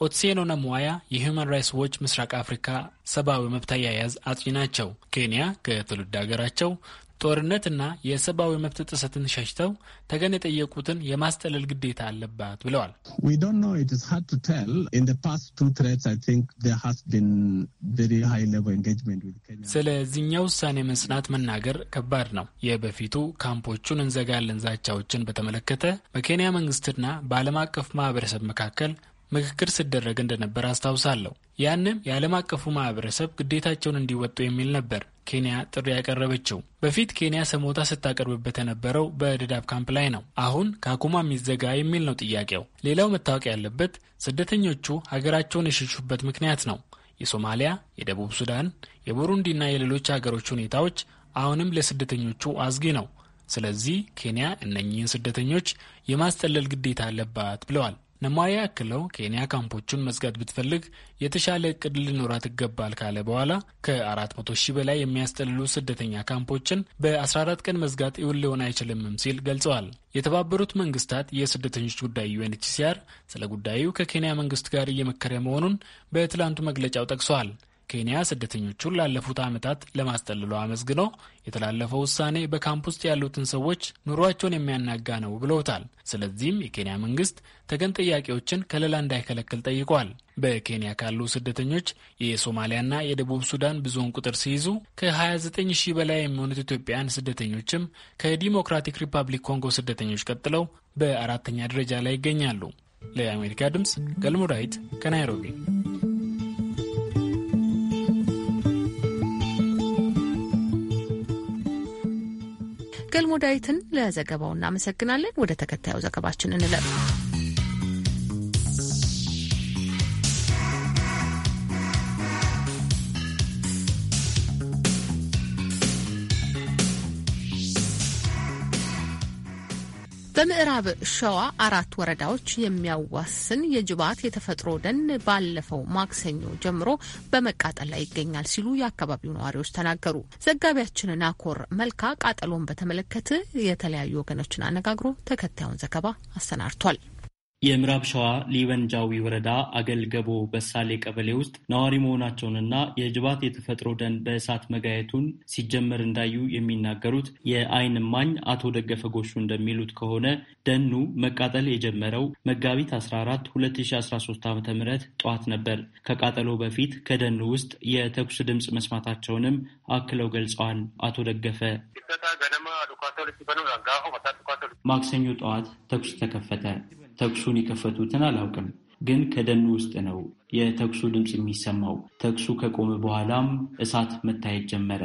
ኦትሴኖ ነሙዋያ የሁማን ራይትስ ዎች ምስራቅ አፍሪካ ሰብአዊ መብት አያያዝ አጥኚ ናቸው። ኬንያ ከትውልድ ሀገራቸው ጦርነትና የሰብአዊ መብት ጥሰትን ሸሽተው ተገን የጠየቁትን የማስጠለል ግዴታ አለባት ብለዋል። ስለዚህኛው ውሳኔ መጽናት መናገር ከባድ ነው። የበፊቱ ካምፖቹን እንዘጋለን ዛቻዎችን በተመለከተ በኬንያ መንግስትና በዓለም አቀፍ ማህበረሰብ መካከል ምክክር ስደረግ እንደነበር አስታውሳለሁ። ያንም የዓለም አቀፉ ማህበረሰብ ግዴታቸውን እንዲወጡ የሚል ነበር ኬንያ ጥሪ ያቀረበችው። በፊት ኬንያ ሰሞታ ስታቀርብበት የነበረው በደዳብ ካምፕ ላይ ነው። አሁን ካኩማ የሚዘጋ የሚል ነው ጥያቄው። ሌላው መታወቅ ያለበት ስደተኞቹ ሀገራቸውን የሸሹበት ምክንያት ነው። የሶማሊያ፣ የደቡብ ሱዳን፣ የቡሩንዲና የሌሎች ሀገሮች ሁኔታዎች አሁንም ለስደተኞቹ አዝጊ ነው። ስለዚህ ኬንያ እነኚህን ስደተኞች የማስጠለል ግዴታ አለባት ብለዋል ነማሪያ ያክለው ኬንያ ካምፖቹን መዝጋት ብትፈልግ የተሻለ እቅድ ሊኖራት ይገባል ካለ በኋላ ከ400 ሺህ በላይ የሚያስጠልሉ ስደተኛ ካምፖችን በ14 ቀን መዝጋት ይውል ሊሆን አይችልምም ሲል ገልጸዋል። የተባበሩት መንግስታት የስደተኞች ጉዳይ ዩኤንኤችሲአር ስለ ጉዳዩ ከኬንያ መንግስት ጋር እየመከረ መሆኑን በትላንቱ መግለጫው ጠቅሷል። ኬንያ ስደተኞቹን ላለፉት ዓመታት ለማስጠልሎ አመዝግኖ የተላለፈው ውሳኔ በካምፕ ውስጥ ያሉትን ሰዎች ኑሯቸውን የሚያናጋ ነው ብለውታል። ስለዚህም የኬንያ መንግስት ተገን ጥያቄዎችን ከለላ እንዳይከለክል ጠይቋል። በኬንያ ካሉ ስደተኞች የሶማሊያና የደቡብ ሱዳን ብዙውን ቁጥር ሲይዙ ከ29 ሺህ በላይ የሚሆኑት ኢትዮጵያውያን ስደተኞችም ከዲሞክራቲክ ሪፐብሊክ ኮንጎ ስደተኞች ቀጥለው በአራተኛ ደረጃ ላይ ይገኛሉ። ለአሜሪካ ድምፅ ገልሞ ከናይሮቢ ገልሞ ዳዊትን ለዘገባው እናመሰግናለን። ወደ ተከታዩ ዘገባችን እንለፍ። በምዕራብ ሸዋ አራት ወረዳዎች የሚያዋስን የጅባት የተፈጥሮ ደን ባለፈው ማክሰኞ ጀምሮ በመቃጠል ላይ ይገኛል ሲሉ የአካባቢው ነዋሪዎች ተናገሩ። ዘጋቢያችን ናኮር መልካ ቃጠሎን በተመለከተ የተለያዩ ወገኖችን አነጋግሮ ተከታዩን ዘገባ አሰናድቷል። የምዕራብ ሸዋ ሊበንጃዊ ወረዳ አገልገቦ በሳሌ ቀበሌ ውስጥ ነዋሪ መሆናቸውንና የጅባት የተፈጥሮ ደን በእሳት መጋየቱን ሲጀመር እንዳዩ የሚናገሩት የአይን ማኝ አቶ ደገፈ ጎሹ እንደሚሉት ከሆነ ደኑ መቃጠል የጀመረው መጋቢት 14 2013 ዓ ም ጠዋት ነበር። ከቃጠሎ በፊት ከደኑ ውስጥ የተኩስ ድምፅ መስማታቸውንም አክለው ገልጸዋል። አቶ ደገፈ ማክሰኞ ጠዋት ተኩስ ተከፈተ። ተኩሱን የከፈቱትን አላውቅም፣ ግን ከደኑ ውስጥ ነው የተኩሱ ድምፅ የሚሰማው። ተኩሱ ከቆመ በኋላም እሳት መታየት ጀመረ።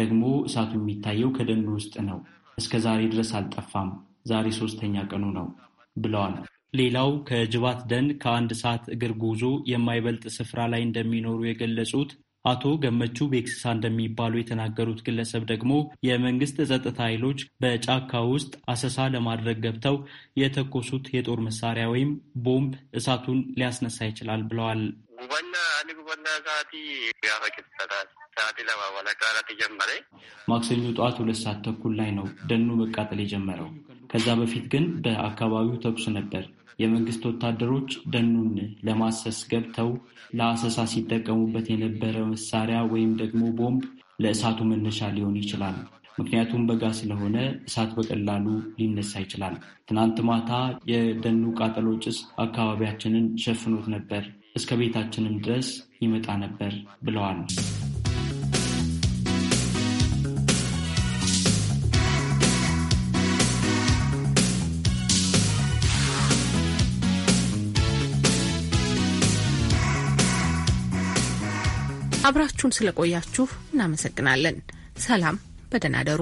ደግሞ እሳቱ የሚታየው ከደኑ ውስጥ ነው። እስከ ዛሬ ድረስ አልጠፋም። ዛሬ ሶስተኛ ቀኑ ነው ብለዋል። ሌላው ከጅባት ደን ከአንድ ሰዓት እግር ጉዞ የማይበልጥ ስፍራ ላይ እንደሚኖሩ የገለጹት አቶ ገመቹ ቤክስሳ እንደሚባሉ የተናገሩት ግለሰብ ደግሞ የመንግስት ጸጥታ ኃይሎች በጫካ ውስጥ አሰሳ ለማድረግ ገብተው የተኮሱት የጦር መሳሪያ ወይም ቦምብ እሳቱን ሊያስነሳ ይችላል ብለዋል። ማክሰኞ ጠዋት ሁለት ሰዓት ተኩል ላይ ነው ደኑ መቃጠል የጀመረው። ከዛ በፊት ግን በአካባቢው ተኩስ ነበር። የመንግስት ወታደሮች ደኑን ለማሰስ ገብተው ለአሰሳ ሲጠቀሙበት የነበረ መሳሪያ ወይም ደግሞ ቦምብ ለእሳቱ መነሻ ሊሆን ይችላል። ምክንያቱም በጋ ስለሆነ እሳት በቀላሉ ሊነሳ ይችላል። ትናንት ማታ የደኑ ቃጠሎ ጭስ አካባቢያችንን ሸፍኖት ነበር፣ እስከ ቤታችንም ድረስ ይመጣ ነበር ብለዋል። አብራችሁን ስለቆያችሁ እናመሰግናለን። ሰላም፣ በደህና ደሩ።